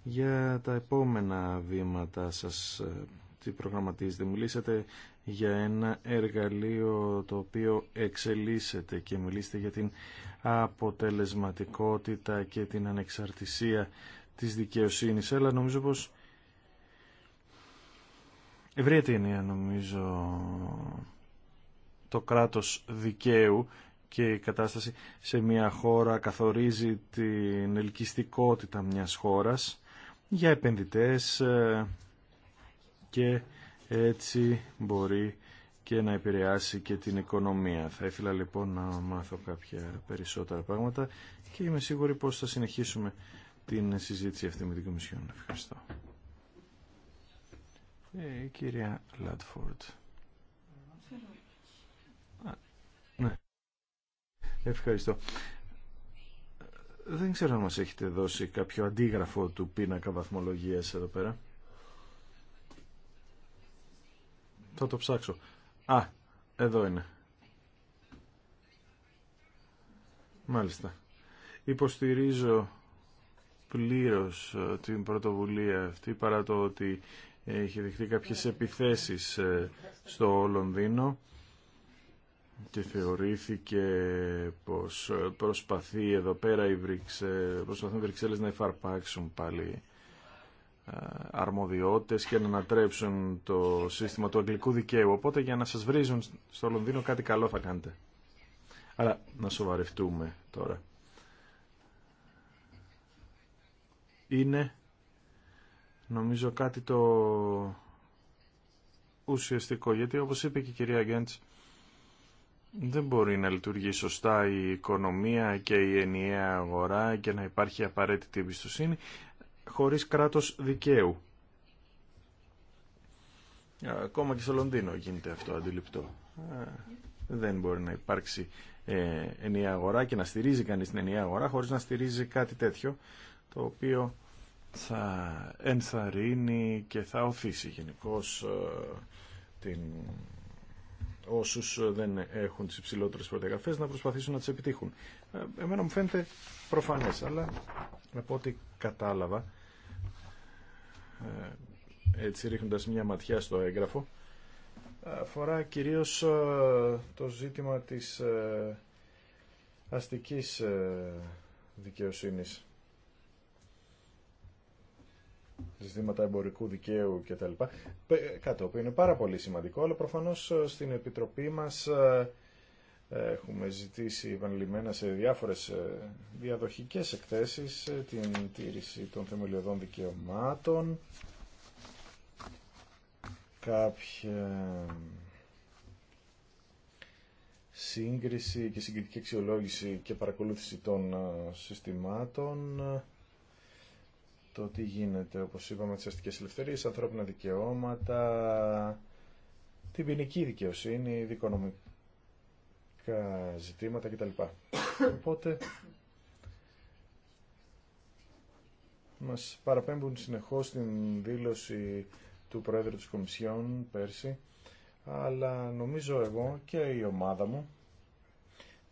για τα επόμενα βήματα σας ε, τι προγραμματίζετε. Μιλήσατε για ένα εργαλείο το οποίο εξελίσσεται και μιλήσατε για την αποτελεσματικότητα και την ανεξαρτησία της δικαιοσύνης. Αλλά νομίζω πως ευρία ταινία νομίζω το κράτος δικαίου και η κατάσταση σε μια χώρα καθορίζει την ελκυστικότητα μιας χώρας για επενδυτές ε, και έτσι μπορεί και να επηρεάσει και την οικονομία. Θα ήθελα λοιπόν να μάθω κάποια περισσότερα πράγματα και είμαι σίγουρη πως θα συνεχίσουμε την συζήτηση αυτή με την Κομισιόν. Ευχαριστώ. Ε, κυρία Λατφόρτ. Ναι. Ευχαριστώ. Δεν ξέρω αν μας έχετε δώσει κάποιο αντίγραφο του πίνακα βαθμολογίας εδώ πέρα. Θα το ψάξω. Α, εδώ είναι. Μάλιστα. Υποστηρίζω πλήρως ε, την πρωτοβουλία αυτή παρά το ότι Είχε δεχτεί κάποιες επιθέσεις ε, στο Λονδίνο και θεωρήθηκε πως προσπαθεί εδώ πέρα οι προσπαθούν οι Βρυξέλλες να εφαρπάξουν πάλι ε, αρμοδιότητες και να ανατρέψουν το σύστημα του αγγλικού δικαίου. Οπότε για να σας βρίζουν στο Λονδίνο κάτι καλό θα κάνετε. Αλλά να σοβαρευτούμε τώρα. Είναι νομίζω κάτι το ουσιαστικό, γιατί όπως είπε και η κυρία Γκέντς, δεν μπορεί να λειτουργεί σωστά η οικονομία και η ενιαία αγορά και να υπάρχει απαραίτητη εμπιστοσύνη χωρίς κράτος δικαίου. Ακόμα και στο Λονδίνο γίνεται αυτό αντιληπτό. Ε, δεν μπορεί να υπάρξει ε, ενιαία αγορά και να στηρίζει κανείς την ενιαία αγορά χωρίς να στηρίζει κάτι τέτοιο το οποίο θα ενθαρρύνει και θα οθήσει γενικώ ε, την όσους δεν έχουν τις υψηλότερες προδιαγραφές να προσπαθήσουν να τις επιτύχουν. Ε, εμένα μου φαίνεται προφανές, αλλά από ό,τι κατάλαβα, ε, έτσι ρίχνοντας μια ματιά στο έγγραφο, αφορά κυρίως το ζήτημα της αστικής δικαιοσύνης ζητήματα εμπορικού δικαίου κτλ. Κάτι το οποίο είναι πάρα πολύ σημαντικό, αλλά προφανώς ε, στην Επιτροπή μας ε, έχουμε ζητήσει επανειλημμένα σε διάφορες ε, διαδοχικές εκθέσεις την τήρηση των θεμελιωδών δικαιωμάτων, κάποια σύγκριση και συγκριτική αξιολόγηση και παρακολούθηση των συστημάτων, το τι γίνεται, όπως είπαμε, τις αστικές ελευθερίες, ανθρώπινα δικαιώματα, την ποινική δικαιοσύνη, δικονομικά ζητήματα κτλ. Οπότε μας παραπέμπουν συνεχώς την δήλωση του Πρόεδρου της Κομισιόν πέρσι, αλλά νομίζω εγώ και η ομάδα μου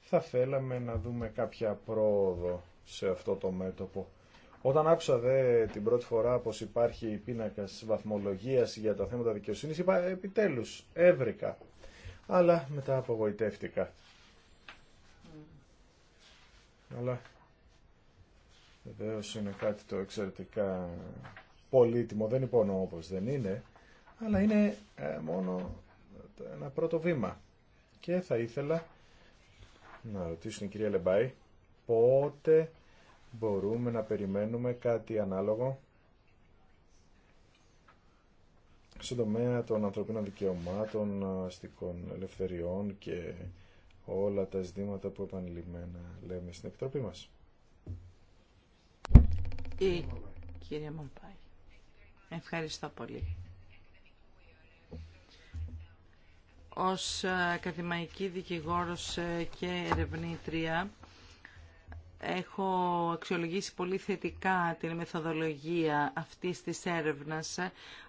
θα θέλαμε να δούμε κάποια πρόοδο σε αυτό το μέτωπο όταν άκουσα δε την πρώτη φορά πω υπάρχει πίνακα βαθμολογία για τα θέματα δικαιοσύνη. είπα επιτέλου, έβρικα. Αλλά μετά απογοητεύτηκα. Αλλά βεβαίω είναι κάτι το εξαιρετικά πολύτιμο, δεν υπονοώ όπω δεν είναι, αλλά είναι ε, μόνο ένα πρώτο βήμα. Και θα ήθελα να ρωτήσω την κυρία Λεμπάη πότε μπορούμε να περιμένουμε κάτι ανάλογο στον τομέα των ανθρωπίνων δικαιωμάτων, αστικών ελευθεριών και όλα τα ζητήματα που επανειλημμένα λέμε στην Επιτροπή μας. Η κυρία Ευχαριστώ πολύ. Ως ακαδημαϊκή δικηγόρος και ερευνήτρια έχω αξιολογήσει πολύ θετικά την μεθοδολογία αυτής της έρευνας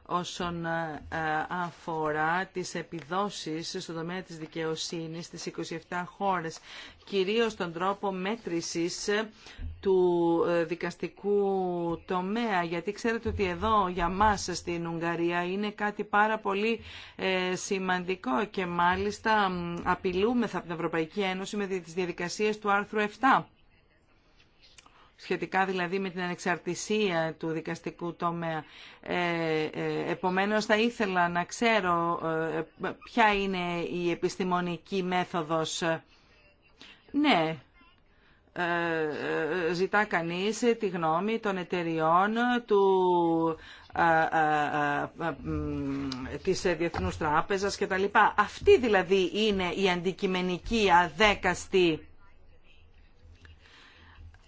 όσον ε, αφορά τις επιδόσεις στον τομέα της δικαιοσύνης στις 27 χώρες, κυρίως τον τρόπο μέτρησης του ε, δικαστικού τομέα, γιατί ξέρετε ότι εδώ για μας στην Ουγγαρία είναι κάτι πάρα πολύ ε, σημαντικό και μάλιστα απειλούμεθα από την Ευρωπαϊκή Ένωση με τις διαδικασίες του άρθρου 7 σχετικά δηλαδή με την ανεξαρτησία του δικαστικού τομέα. Ε, ε, επομένως θα ήθελα να ξέρω ε, ποια είναι η επιστημονική μέθοδος. Ναι, ζητά κανείς τη γνώμη των εταιριών του της Διεθνούς Τράπεζας λοιπά. Αυτή δηλαδή είναι η αντικειμενική αδέκαστη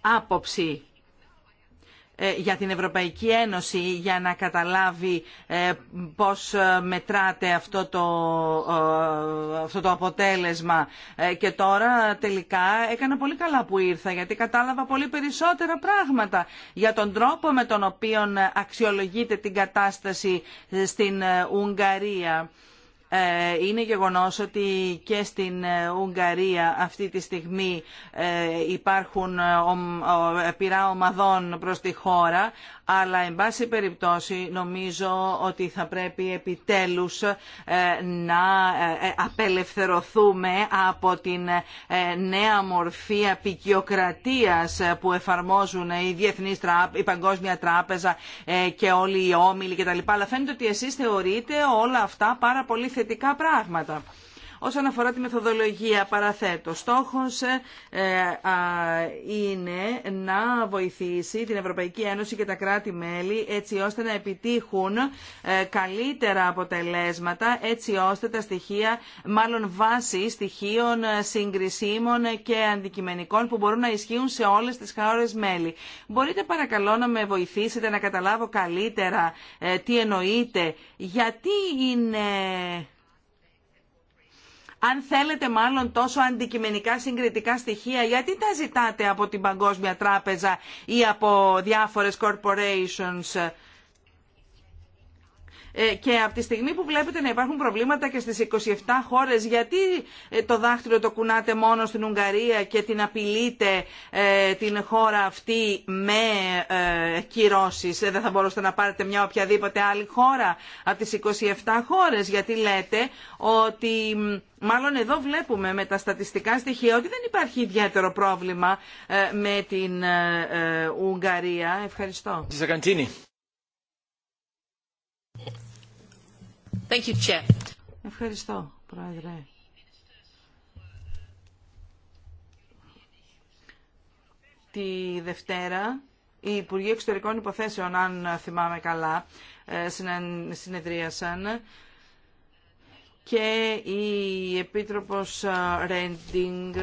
άποψη ε, για την Ευρωπαϊκή Ένωση για να καταλάβει ε, πώς ε, μετράτε αυτό το, αυτό το αποτέλεσμα. Και τώρα τελικά έκανα πολύ καλά που ήρθα γιατί κατάλαβα πολύ περισσότερα πράγματα για τον τρόπο με τον οποίο αξιολογείται την κατάσταση στην Ουγγαρία. Ε, είναι γεγονός ότι και στην ε, Ουγγαρία αυτή τη στιγμή ε, υπάρχουν πειρά ομαδών προς τη χώρα, αλλά εν πάση περιπτώσει νομίζω ότι θα πρέπει επιτέλους να απελευθερωθούμε από την νέα μορφή απεικιοκρατίας που εφαρμόζουν η Διεθνής η Παγκόσμια Τράπεζα και όλοι οι όμιλοι κτλ. Αλλά φαίνεται ότι εσείς θεωρείτε όλα αυτά πάρα πολύ θετικά πράγματα. Όσον αφορά τη μεθοδολογία, παραθέτω, στόχος ε, ε, είναι να βοηθήσει την Ευρωπαϊκή Ένωση και τα κράτη-μέλη έτσι ώστε να επιτύχουν ε, καλύτερα αποτελέσματα, έτσι ώστε τα στοιχεία, μάλλον βάση στοιχείων συγκρισίμων και αντικειμενικών που μπορούν να ισχύουν σε όλες τις χώρες μέλη. Μπορείτε παρακαλώ να με βοηθήσετε να καταλάβω καλύτερα τι εννοείτε, γιατί είναι αν θέλετε μάλλον τόσο αντικειμενικά συγκριτικά στοιχεία, γιατί τα ζητάτε από την Παγκόσμια Τράπεζα ή από διάφορες corporations ε, και από τη στιγμή που βλέπετε να υπάρχουν προβλήματα και στις 27 χώρες, γιατί ε, το δάχτυλο το κουνάτε μόνο στην Ουγγαρία και την απειλείτε ε, την χώρα αυτή με κυρώσεις. Δεν θα μπορούσατε να πάρετε μια οποιαδήποτε άλλη χώρα από τις 27 χώρες, γιατί λέτε ότι... Μάλλον εδώ βλέπουμε με τα στατιστικά στοιχεία ότι δεν υπάρχει ιδιαίτερο πρόβλημα με την Ουγγαρία. Ευχαριστώ. Ευχαριστώ, Πρόεδρε. Τη Δευτέρα οι Υπουργοί Εξωτερικών Υποθέσεων, αν θυμάμαι καλά, ε, συνεδρίασαν και η Επίτροπος ε, Ρέντινγκ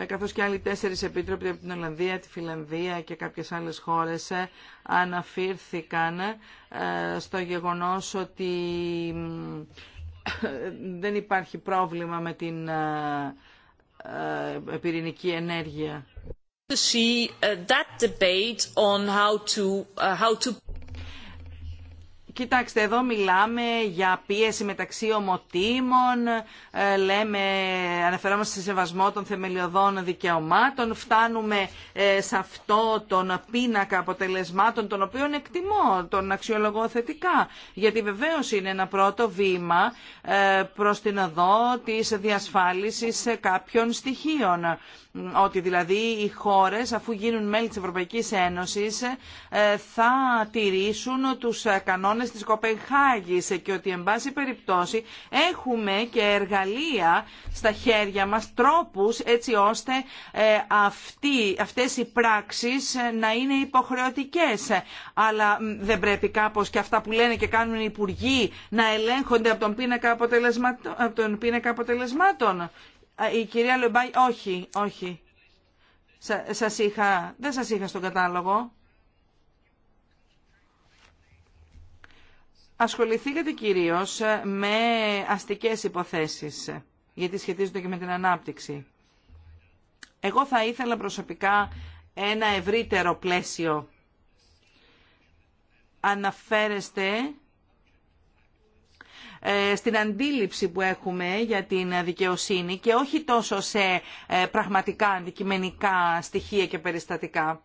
ε, καθώς και άλλοι τέσσερι επίτροποι από την Ολλανδία, τη Φιλανδία και κάποιες άλλες χώρες ε, αναφέρθηκαν ε, στο γεγονός ότι δεν υπάρχει πρόβλημα με την πυρηνική ενέργεια. debate on how to, how to... Κοιτάξτε, εδώ μιλάμε για πίεση μεταξύ ομοτήμων, ε, λέμε, αναφερόμαστε σε σεβασμό των θεμελιωδών δικαιωμάτων, φτάνουμε ε, σε αυτό τον πίνακα αποτελεσμάτων, τον οποίο εκτιμώ, τον αξιολογώ θετικά, γιατί βεβαίως είναι ένα πρώτο βήμα ε, προς την οδό της διασφάλισης κάποιων στοιχείων ότι δηλαδή οι χώρες αφού γίνουν μέλη της Ευρωπαϊκής Ένωσης ε, θα τηρήσουν τους κανόνες της Κοπενχάγης και ότι εν πάση περιπτώσει έχουμε και εργαλεία στα χέρια μας, τρόπους έτσι ώστε ε, αυτοί, αυτές οι πράξεις ε, να είναι υποχρεωτικές. Αλλά δεν πρέπει κάπως και αυτά που λένε και κάνουν οι υπουργοί να ελέγχονται από τον Από τον πίνακα αποτελεσμάτων. Η κυρία Λεμπάη, όχι, όχι. σας είχα, δεν σας είχα στον κατάλογο. Ασχοληθήκατε κυρίως ε, με αστικές υποθέσεις, γιατί σχετίζονται και με την ανάπτυξη. Εγώ θα ήθελα προσωπικά ένα ευρύτερο πλαίσιο. Αναφέρεστε ε, στην αντίληψη που έχουμε για την δικαιοσύνη και όχι τόσο σε ε, πραγματικά αντικειμενικά στοιχεία και περιστατικά.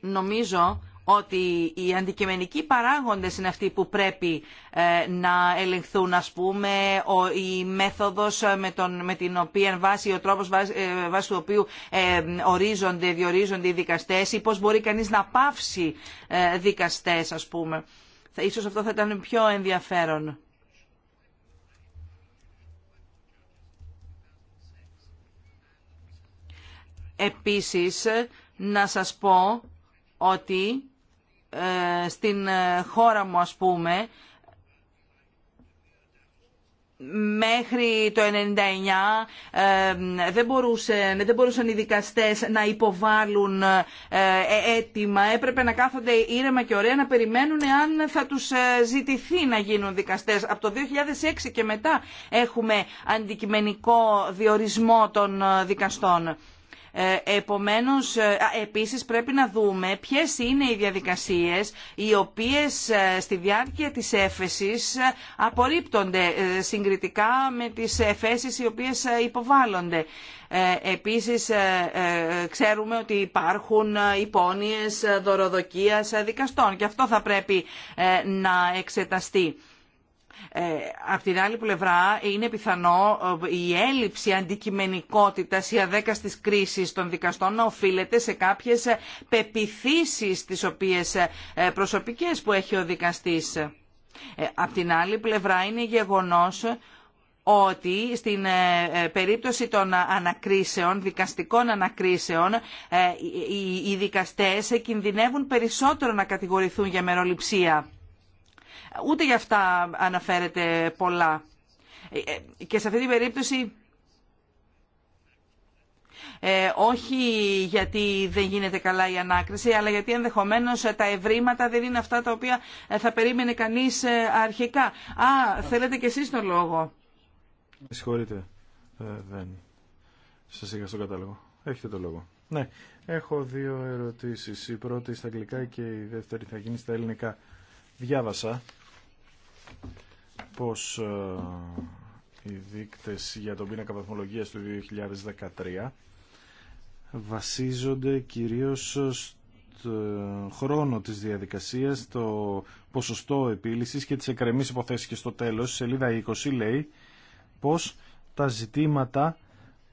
Νομίζω ότι οι αντικειμενικοί παράγοντες είναι αυτοί που πρέπει ε, να ελεγχθούν, ας πούμε, η μέθοδος με, τον, με την οποία βάσει, ο τρόπος βάσει, βάσει του οποίου ε, ορίζονται, διορίζονται οι δικαστές ή πώς μπορεί κανείς να πάυσει ε, δικαστές, ας πούμε. Ίσως αυτό θα ήταν πιο ενδιαφέρον. Επίσης, να σας πω ότι ε, στην ε, χώρα μου ας πούμε μέχρι το 1999 ε, δεν, μπορούσε, δεν μπορούσαν οι δικαστές να υποβάλουν αίτημα. Έπρεπε να κάθονται ήρεμα και ωραία να περιμένουν αν θα τους ζητηθεί να γίνουν δικαστές. Από το 2006 και μετά έχουμε αντικειμενικό διορισμό των δικαστών. Ε, επομένως, ε, επίσης πρέπει να δούμε ποιες είναι οι διαδικασίες οι οποίες ε, στη διάρκεια της έφεσης απορρίπτονται συγκριτικά με τις εφέσεις οι οποίες υποβάλλονται. Επίσης ξέρουμε ότι υπάρχουν υπόνοιες δωροδοκίας δικαστών και αυτό θα πρέπει να εξεταστεί. Ε, απ' την άλλη πλευρά είναι πιθανό ε, η έλλειψη αντικειμενικότητας ή αδέκας της κρίσης των δικαστών να οφείλεται σε κάποιες ε, πεπιθήσεις τις οποίες προσωπικές που έχει ο δικαστής. Απ' την άλλη πλευρά είναι γεγονός ότι στην περίπτωση των ανακρίσεων, δικαστικών ανακρίσεων, οι δικαστές κινδυνεύουν περισσότερο να κατηγορηθούν για μεροληψία. Ούτε για αυτά αναφέρεται πολλά. Ε, και σε αυτή την περίπτωση ε, όχι γιατί δεν γίνεται καλά η ανάκριση, αλλά γιατί ενδεχομένως τα ευρήματα δεν είναι αυτά τα οποία ε, θα περίμενε κανείς αρχικά. Α, θέλετε κι εσείς τον λόγο. συγχωρείτε, δεν σας είχα στον κατάλογο. Έχετε τον λόγο. Ναι, έχω δύο ερωτήσεις. Η πρώτη στα αγγλικά και η δεύτερη θα γίνει στα ελληνικά. Διάβασα πως ε, οι δείκτες για τον πίνακα βαθμολογίας του 2013 βασίζονται κυρίως στο χρόνο της διαδικασίας, το ποσοστό επίλυσης και τις εκκρεμείς υποθέσεις και στο τέλος, σελίδα 20 λέει πως τα ζητήματα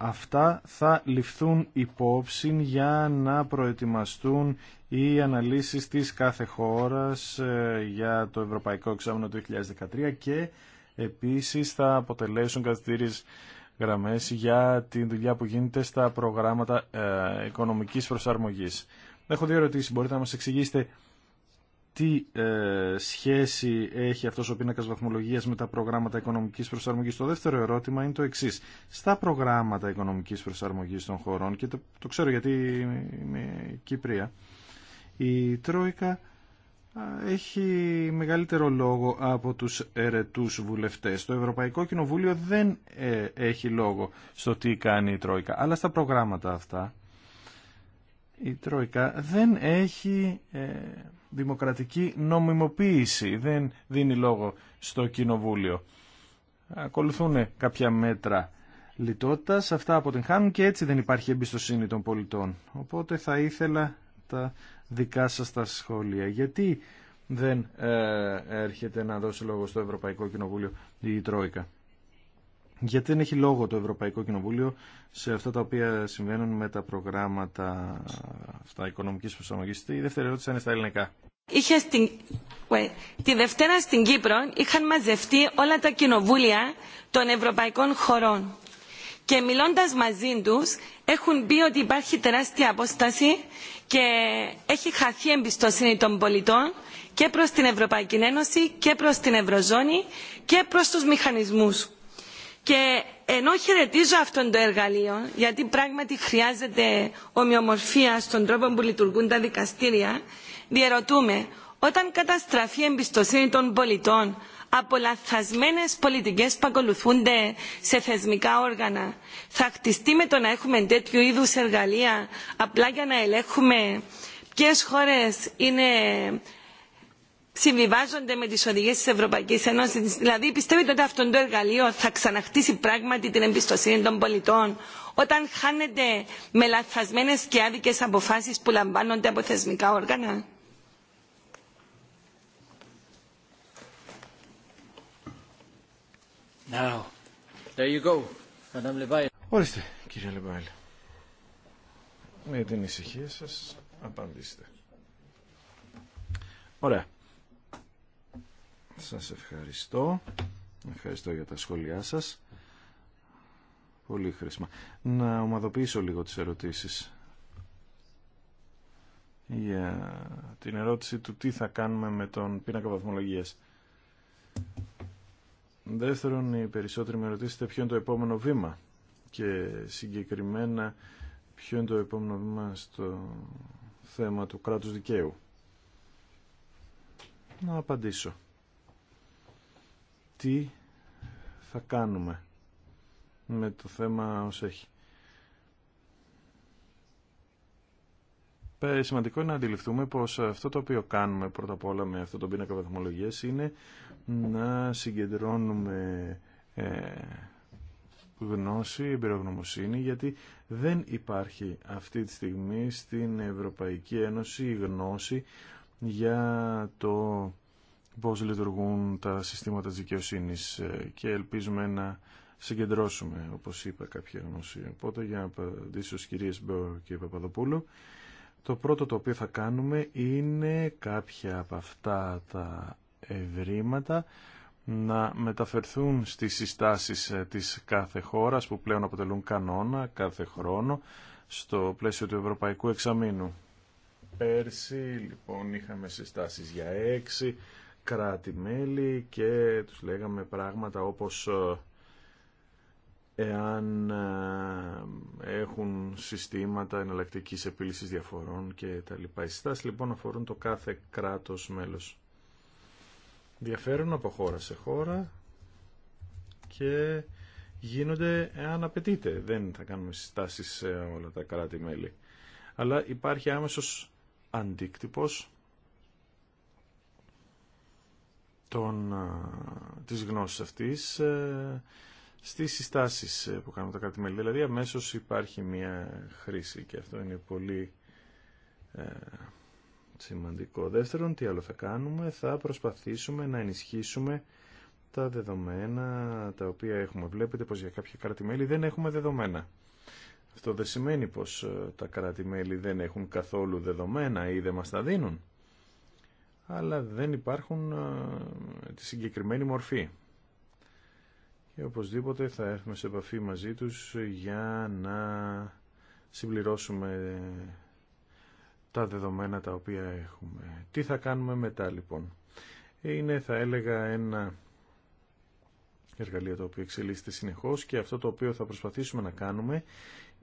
αυτά θα ληφθούν υπόψη για να προετοιμαστούν οι αναλύσεις της κάθε χώρας ε, για το Ευρωπαϊκό Εξάμεινο του 2013 και επίσης θα αποτελέσουν καθητήριες γραμμές για τη δουλειά που γίνεται στα προγράμματα ε, οικονομικής προσαρμογής. Έχω δύο ερωτήσεις. Μπορείτε να μας εξηγήσετε τι ε, σχέση έχει αυτός ο πίνακας βαθμολογίας με τα προγράμματα οικονομικής προσαρμογής. Το δεύτερο ερώτημα είναι το εξής. Στα προγράμματα οικονομικής προσαρμογής των χωρών, και το, το ξέρω γιατί είμαι Κύπρια, η Τρόικα έχει μεγαλύτερο λόγο από τους ερετούς βουλευτές. Το Ευρωπαϊκό Κοινοβούλιο δεν ε, έχει λόγο στο τι κάνει η Τρόικα. Αλλά στα προγράμματα αυτά η Τρόικα δεν έχει... Ε, δημοκρατική νομιμοποίηση. Δεν δίνει λόγο στο Κοινοβούλιο. Ακολουθούν κάποια μέτρα λιτότητας, αυτά αποτυγχάνουν και έτσι δεν υπάρχει εμπιστοσύνη των πολιτών. Οπότε θα ήθελα τα δικά σας τα σχόλια. Γιατί δεν ε, έρχεται να δώσει λόγο στο Ευρωπαϊκό Κοινοβούλιο η Τρόικα γιατί δεν έχει λόγο το Ευρωπαϊκό Κοινοβούλιο σε αυτά τα οποία συμβαίνουν με τα προγράμματα αυτά οικονομική προσαρμογή. Η δεύτερη ερώτηση είναι στα ελληνικά. Είχε στην... Τη Δευτέρα στην Κύπρο είχαν μαζευτεί όλα τα κοινοβούλια των ευρωπαϊκών χωρών και μιλώντας μαζί τους έχουν πει ότι υπάρχει τεράστια απόσταση και έχει χαθεί εμπιστοσύνη των πολιτών και προς την Ευρωπαϊκή Ένωση και προς την Ευρωζώνη και προς τους μηχανισμούς και ενώ χαιρετίζω αυτό το εργαλείο, γιατί πράγματι χρειάζεται ομοιομορφία στον τρόπο που λειτουργούν τα δικαστήρια, διαρωτούμε, όταν καταστραφεί η εμπιστοσύνη των πολιτών από λαθασμένε πολιτικέ που ακολουθούνται σε θεσμικά όργανα, θα χτιστεί με το να έχουμε τέτοιου είδου εργαλεία απλά για να ελέγχουμε ποιε χώρε είναι συμβιβάζονται με τι οδηγίε της Ευρωπαϊκής Ένωσης. Δηλαδή πιστεύετε ότι αυτό το εργαλείο θα ξαναχτίσει πράγματι την εμπιστοσύνη των πολιτών όταν χάνεται με λαθασμένε και άδικέ αποφάσει που λαμβάνονται από θεσμικά όργανα. Ορίστε, κύριε Λεμπάιλ. Με την ησυχία σας απαντήστε. Ωραία. Σας ευχαριστώ. Ευχαριστώ για τα σχόλιά σας. Πολύ χρήσιμα. Να ομαδοποιήσω λίγο τις ερωτήσεις. Για την ερώτηση του τι θα κάνουμε με τον πίνακα βαθμολογίας. Δεύτερον, οι περισσότεροι με ρωτήσετε ποιο είναι το επόμενο βήμα και συγκεκριμένα ποιο είναι το επόμενο βήμα στο θέμα του κράτους δικαίου. Να απαντήσω τι θα κάνουμε με το θέμα ως έχει. Σημαντικό είναι να αντιληφθούμε πως αυτό το οποίο κάνουμε πρώτα απ' όλα με αυτό το πίνακα βαθμολογίας είναι να συγκεντρώνουμε ε, γνώση, εμπειρογνωμοσύνη, γιατί δεν υπάρχει αυτή τη στιγμή στην Ευρωπαϊκή Ένωση γνώση για το πώς λειτουργούν τα συστήματα της δικαιοσύνης ε, και ελπίζουμε να συγκεντρώσουμε, όπως είπα, κάποια γνώση. Οπότε, για να απαντήσω κυρίες Μπέο και Παπαδοπούλου, το πρώτο το οποίο θα κάνουμε είναι κάποια από αυτά τα ευρήματα να μεταφερθούν στις συστάσεις ε, της κάθε χώρας που πλέον αποτελούν κανόνα κάθε χρόνο στο πλαίσιο του Ευρωπαϊκού Εξαμήνου. Πέρσι λοιπόν είχαμε συστάσεις για έξι κράτη-μέλη και τους λέγαμε πράγματα όπως ε, εάν ε, έχουν συστήματα εναλλακτική επίλυσης διαφορών και τα λοιπά. Οι λοιπόν αφορούν το κάθε κράτος μέλος. Διαφέρουν από χώρα σε χώρα και γίνονται εάν απαιτείται. Δεν θα κάνουμε συστάσεις σε όλα τα κράτη-μέλη. Αλλά υπάρχει άμεσος αντίκτυπος των, ε, της γνώσης αυτής ε, στις συστάσεις ε, που κάνουμε τα κράτη-μέλη. Δηλαδή αμέσως υπάρχει μια χρήση και αυτό είναι πολύ ε, σημαντικό. Δεύτερον, τι άλλο θα κάνουμε, θα προσπαθήσουμε να ενισχύσουμε τα δεδομένα τα οποία έχουμε. Βλέπετε πως για κάποια κράτη-μέλη δεν έχουμε δεδομένα. Αυτό δεν σημαίνει πως τα κράτη-μέλη δεν έχουν καθόλου δεδομένα ή δεν μας τα δίνουν αλλά δεν υπάρχουν ε, τη συγκεκριμένη μορφή. Και οπωσδήποτε θα έρθουμε σε επαφή μαζί τους για να συμπληρώσουμε τα δεδομένα τα οποία έχουμε. Τι θα κάνουμε μετά λοιπόν. Είναι θα έλεγα ένα εργαλείο το οποίο εξελίσσεται συνεχώς και αυτό το οποίο θα προσπαθήσουμε να κάνουμε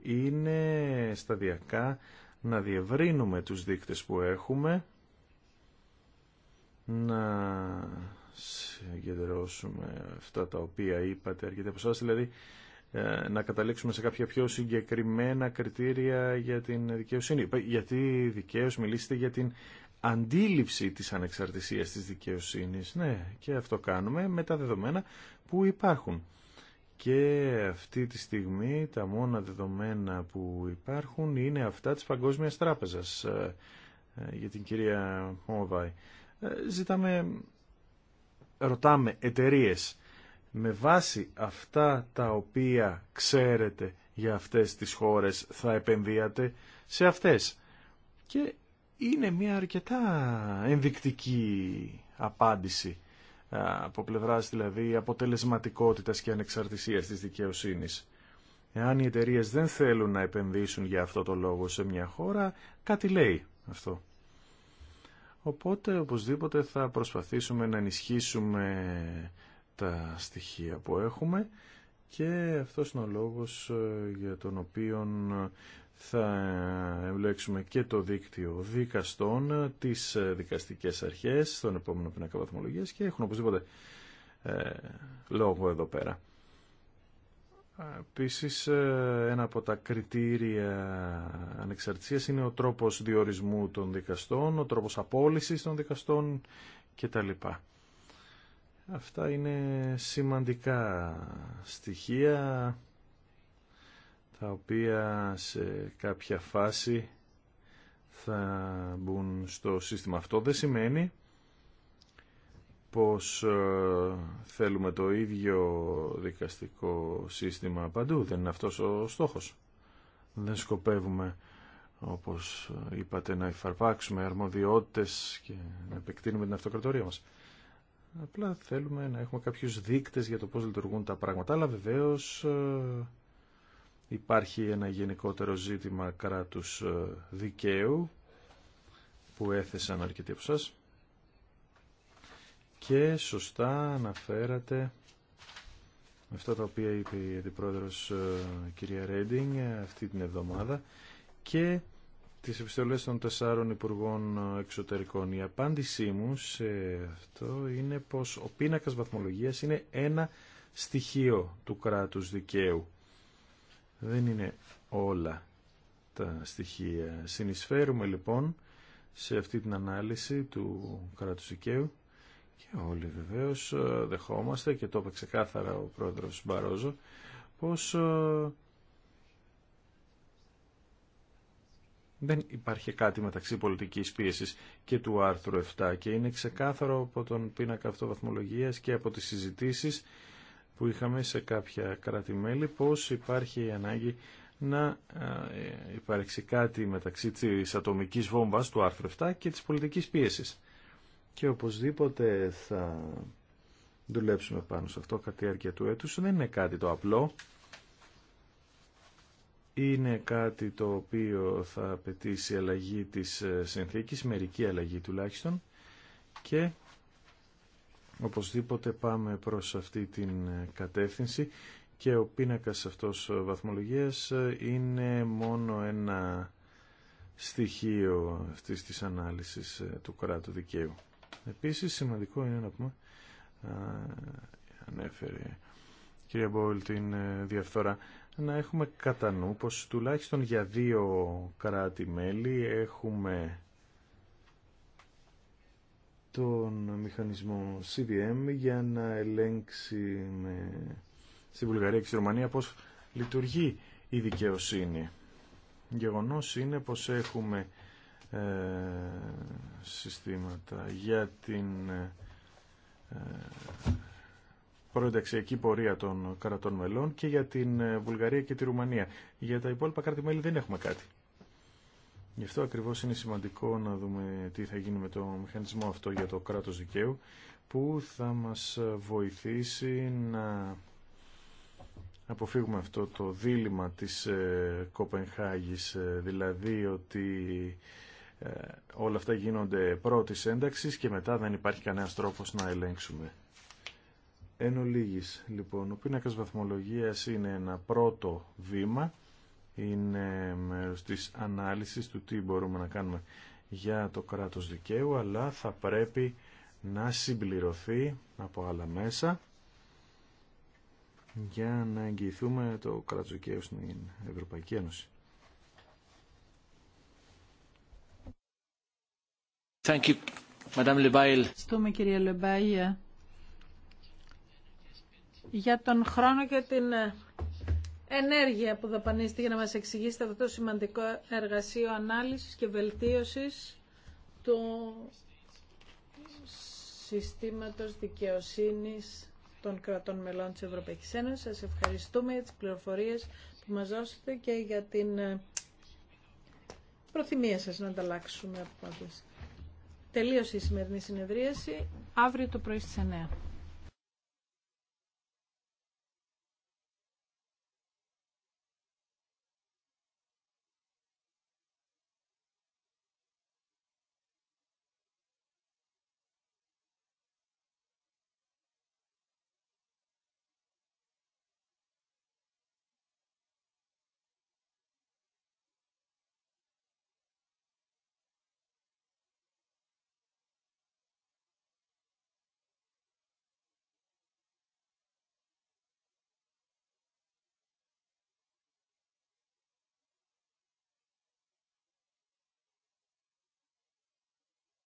είναι σταδιακά να διευρύνουμε τους δείκτες που έχουμε να συγκεντρώσουμε αυτά τα οποία είπατε αρκετά από δηλαδή ε, να καταλήξουμε σε κάποια πιο συγκεκριμένα κριτήρια για την δικαιοσύνη. Γιατί δικαίως μιλήσετε για την αντίληψη της ανεξαρτησίας της δικαιοσύνης. Ναι, και αυτό κάνουμε με τα δεδομένα που υπάρχουν. Και αυτή τη στιγμή τα μόνα δεδομένα που υπάρχουν είναι αυτά της Παγκόσμιας Τράπεζας ε, ε, για την κυρία Μόβαη. Ε, ζητάμε, ρωτάμε εταιρείε με βάση αυτά τα οποία ξέρετε για αυτές τις χώρες θα επενδύατε σε αυτές. Και είναι μια αρκετά ενδεικτική απάντηση ε, από πλευράς δηλαδή αποτελεσματικότητας και ανεξαρτησίας της δικαιοσύνης. Εάν οι εταιρείε δεν θέλουν να επενδύσουν για αυτό το λόγο σε μια χώρα, κάτι λέει αυτό. Οπότε οπωσδήποτε θα προσπαθήσουμε να ενισχύσουμε τα στοιχεία που έχουμε και αυτός είναι ο λόγος ε, για τον οποίο θα εμπλέξουμε και το δίκτυο δικαστών, τις ε, δικαστικές αρχές στον επόμενο πίνακα βαθμολογίας και έχουν οπωσδήποτε ε, λόγο εδώ πέρα. Επίση, ε, ένα από τα κριτήρια ανεξαρτησίας είναι ο τρόπος διορισμού των δικαστών, ο τρόπος απόλυσης των δικαστών κτλ. Αυτά είναι σημαντικά στοιχεία τα οποία σε κάποια φάση θα μπουν στο σύστημα αυτό. Δεν σημαίνει πως ε, θέλουμε το ίδιο δικαστικό σύστημα παντού. Δεν είναι αυτός ο στόχος. Δεν σκοπεύουμε, όπως είπατε, να υφαρπάξουμε αρμοδιότητες και να επεκτείνουμε την αυτοκρατορία μας. Απλά θέλουμε να έχουμε κάποιους δείκτες για το πώς λειτουργούν τα πράγματα. Αλλά βεβαίως ε, υπάρχει ένα γενικότερο ζήτημα κράτους ε, δικαίου που έθεσαν αρκετοί από σας και σωστά αναφέρατε με αυτά τα οποία είπε η Αντιπρόεδρος ε, κυρία Ρέντινγκ αυτή την εβδομάδα και τις επιστολές των τεσσάρων Υπουργών Εξωτερικών. Η απάντησή μου σε αυτό είναι πως ο πίνακας βαθμολογίας είναι ένα στοιχείο του κράτους δικαίου. Δεν είναι όλα τα στοιχεία. Συνεισφέρουμε λοιπόν σε αυτή την ανάλυση του κράτους δικαίου και όλοι βεβαίω ε, δεχόμαστε και το είπε ξεκάθαρα ο πρόεδρος Μπαρόζο πως ε, δεν υπάρχει κάτι μεταξύ πολιτικής πίεσης και του άρθρου 7 και είναι ξεκάθαρο από τον πίνακα αυτοβαθμολογίας και από τις συζητήσεις που είχαμε σε κάποια κράτη-μέλη πως υπάρχει η ανάγκη να ε, υπάρξει κάτι μεταξύ της ατομικής βόμβας του άρθρου 7 και της πολιτικής πίεσης και οπωσδήποτε θα δουλέψουμε πάνω σε αυτό κατά τη διάρκεια του έτους. Δεν είναι κάτι το απλό. Είναι κάτι το οποίο θα απαιτήσει αλλαγή της ε, συνθήκης, μερική αλλαγή τουλάχιστον και οπωσδήποτε πάμε προς αυτή την ε, κατεύθυνση και ο πίνακας αυτός βαθμολογίας ε, είναι μόνο ένα στοιχείο αυτής της ανάλυσης του κράτου δικαίου. Επίσης σημαντικό είναι να πούμε, ανέφερε κυρία Μπόιλ την ε, διαφθορά, να έχουμε κατά νου πως τουλάχιστον για δύο κράτη-μέλη έχουμε τον μηχανισμό CDM για να ελέγξει με... στη Βουλγαρία και στη Ρωμανία πώς λειτουργεί η δικαιοσύνη. Γεγονός είναι πως έχουμε ε, συστήματα για την ε, ε, προενταξιακή πορεία των κρατών μελών και για την Βουλγαρία και τη Ρουμανία. Για τα υπόλοιπα κράτη-μέλη δεν έχουμε κάτι. Γι' αυτό ακριβώς είναι σημαντικό να δούμε τι θα γίνει με το μηχανισμό αυτό για το κράτος δικαίου που θα μας βοηθήσει να αποφύγουμε αυτό το δίλημα της Κοπενχάγης δηλαδή ότι ε, όλα αυτά γίνονται πρώτη ένταξη και μετά δεν υπάρχει κανένα τρόπο να ελέγξουμε. Εν ολίγης, λοιπόν, ο πίνακας βαθμολογίας είναι ένα πρώτο βήμα, είναι μέρος της ανάλυσης του τι μπορούμε να κάνουμε για το κράτος δικαίου, αλλά θα πρέπει να συμπληρωθεί από άλλα μέσα για να εγγυηθούμε το κράτος δικαίου στην Ευρωπαϊκή Ένωση. Thank Ευχαριστούμε κυρία Λεμπάγια, για τον χρόνο και την ε, ενέργεια που δαπανίστηκε για να μας εξηγήσετε αυτό το σημαντικό εργασίο ανάλυσης και βελτίωσης του συστήματος δικαιοσύνης των κρατών μελών της Ευρωπαϊκής Ένωσης. Σας ευχαριστούμε για τις πληροφορίες που μας δώσετε και για την ε, προθυμία σας να ανταλλάξουμε από Τελείωσε η σημερινή συνεδρίαση αύριο το πρωί στις 9.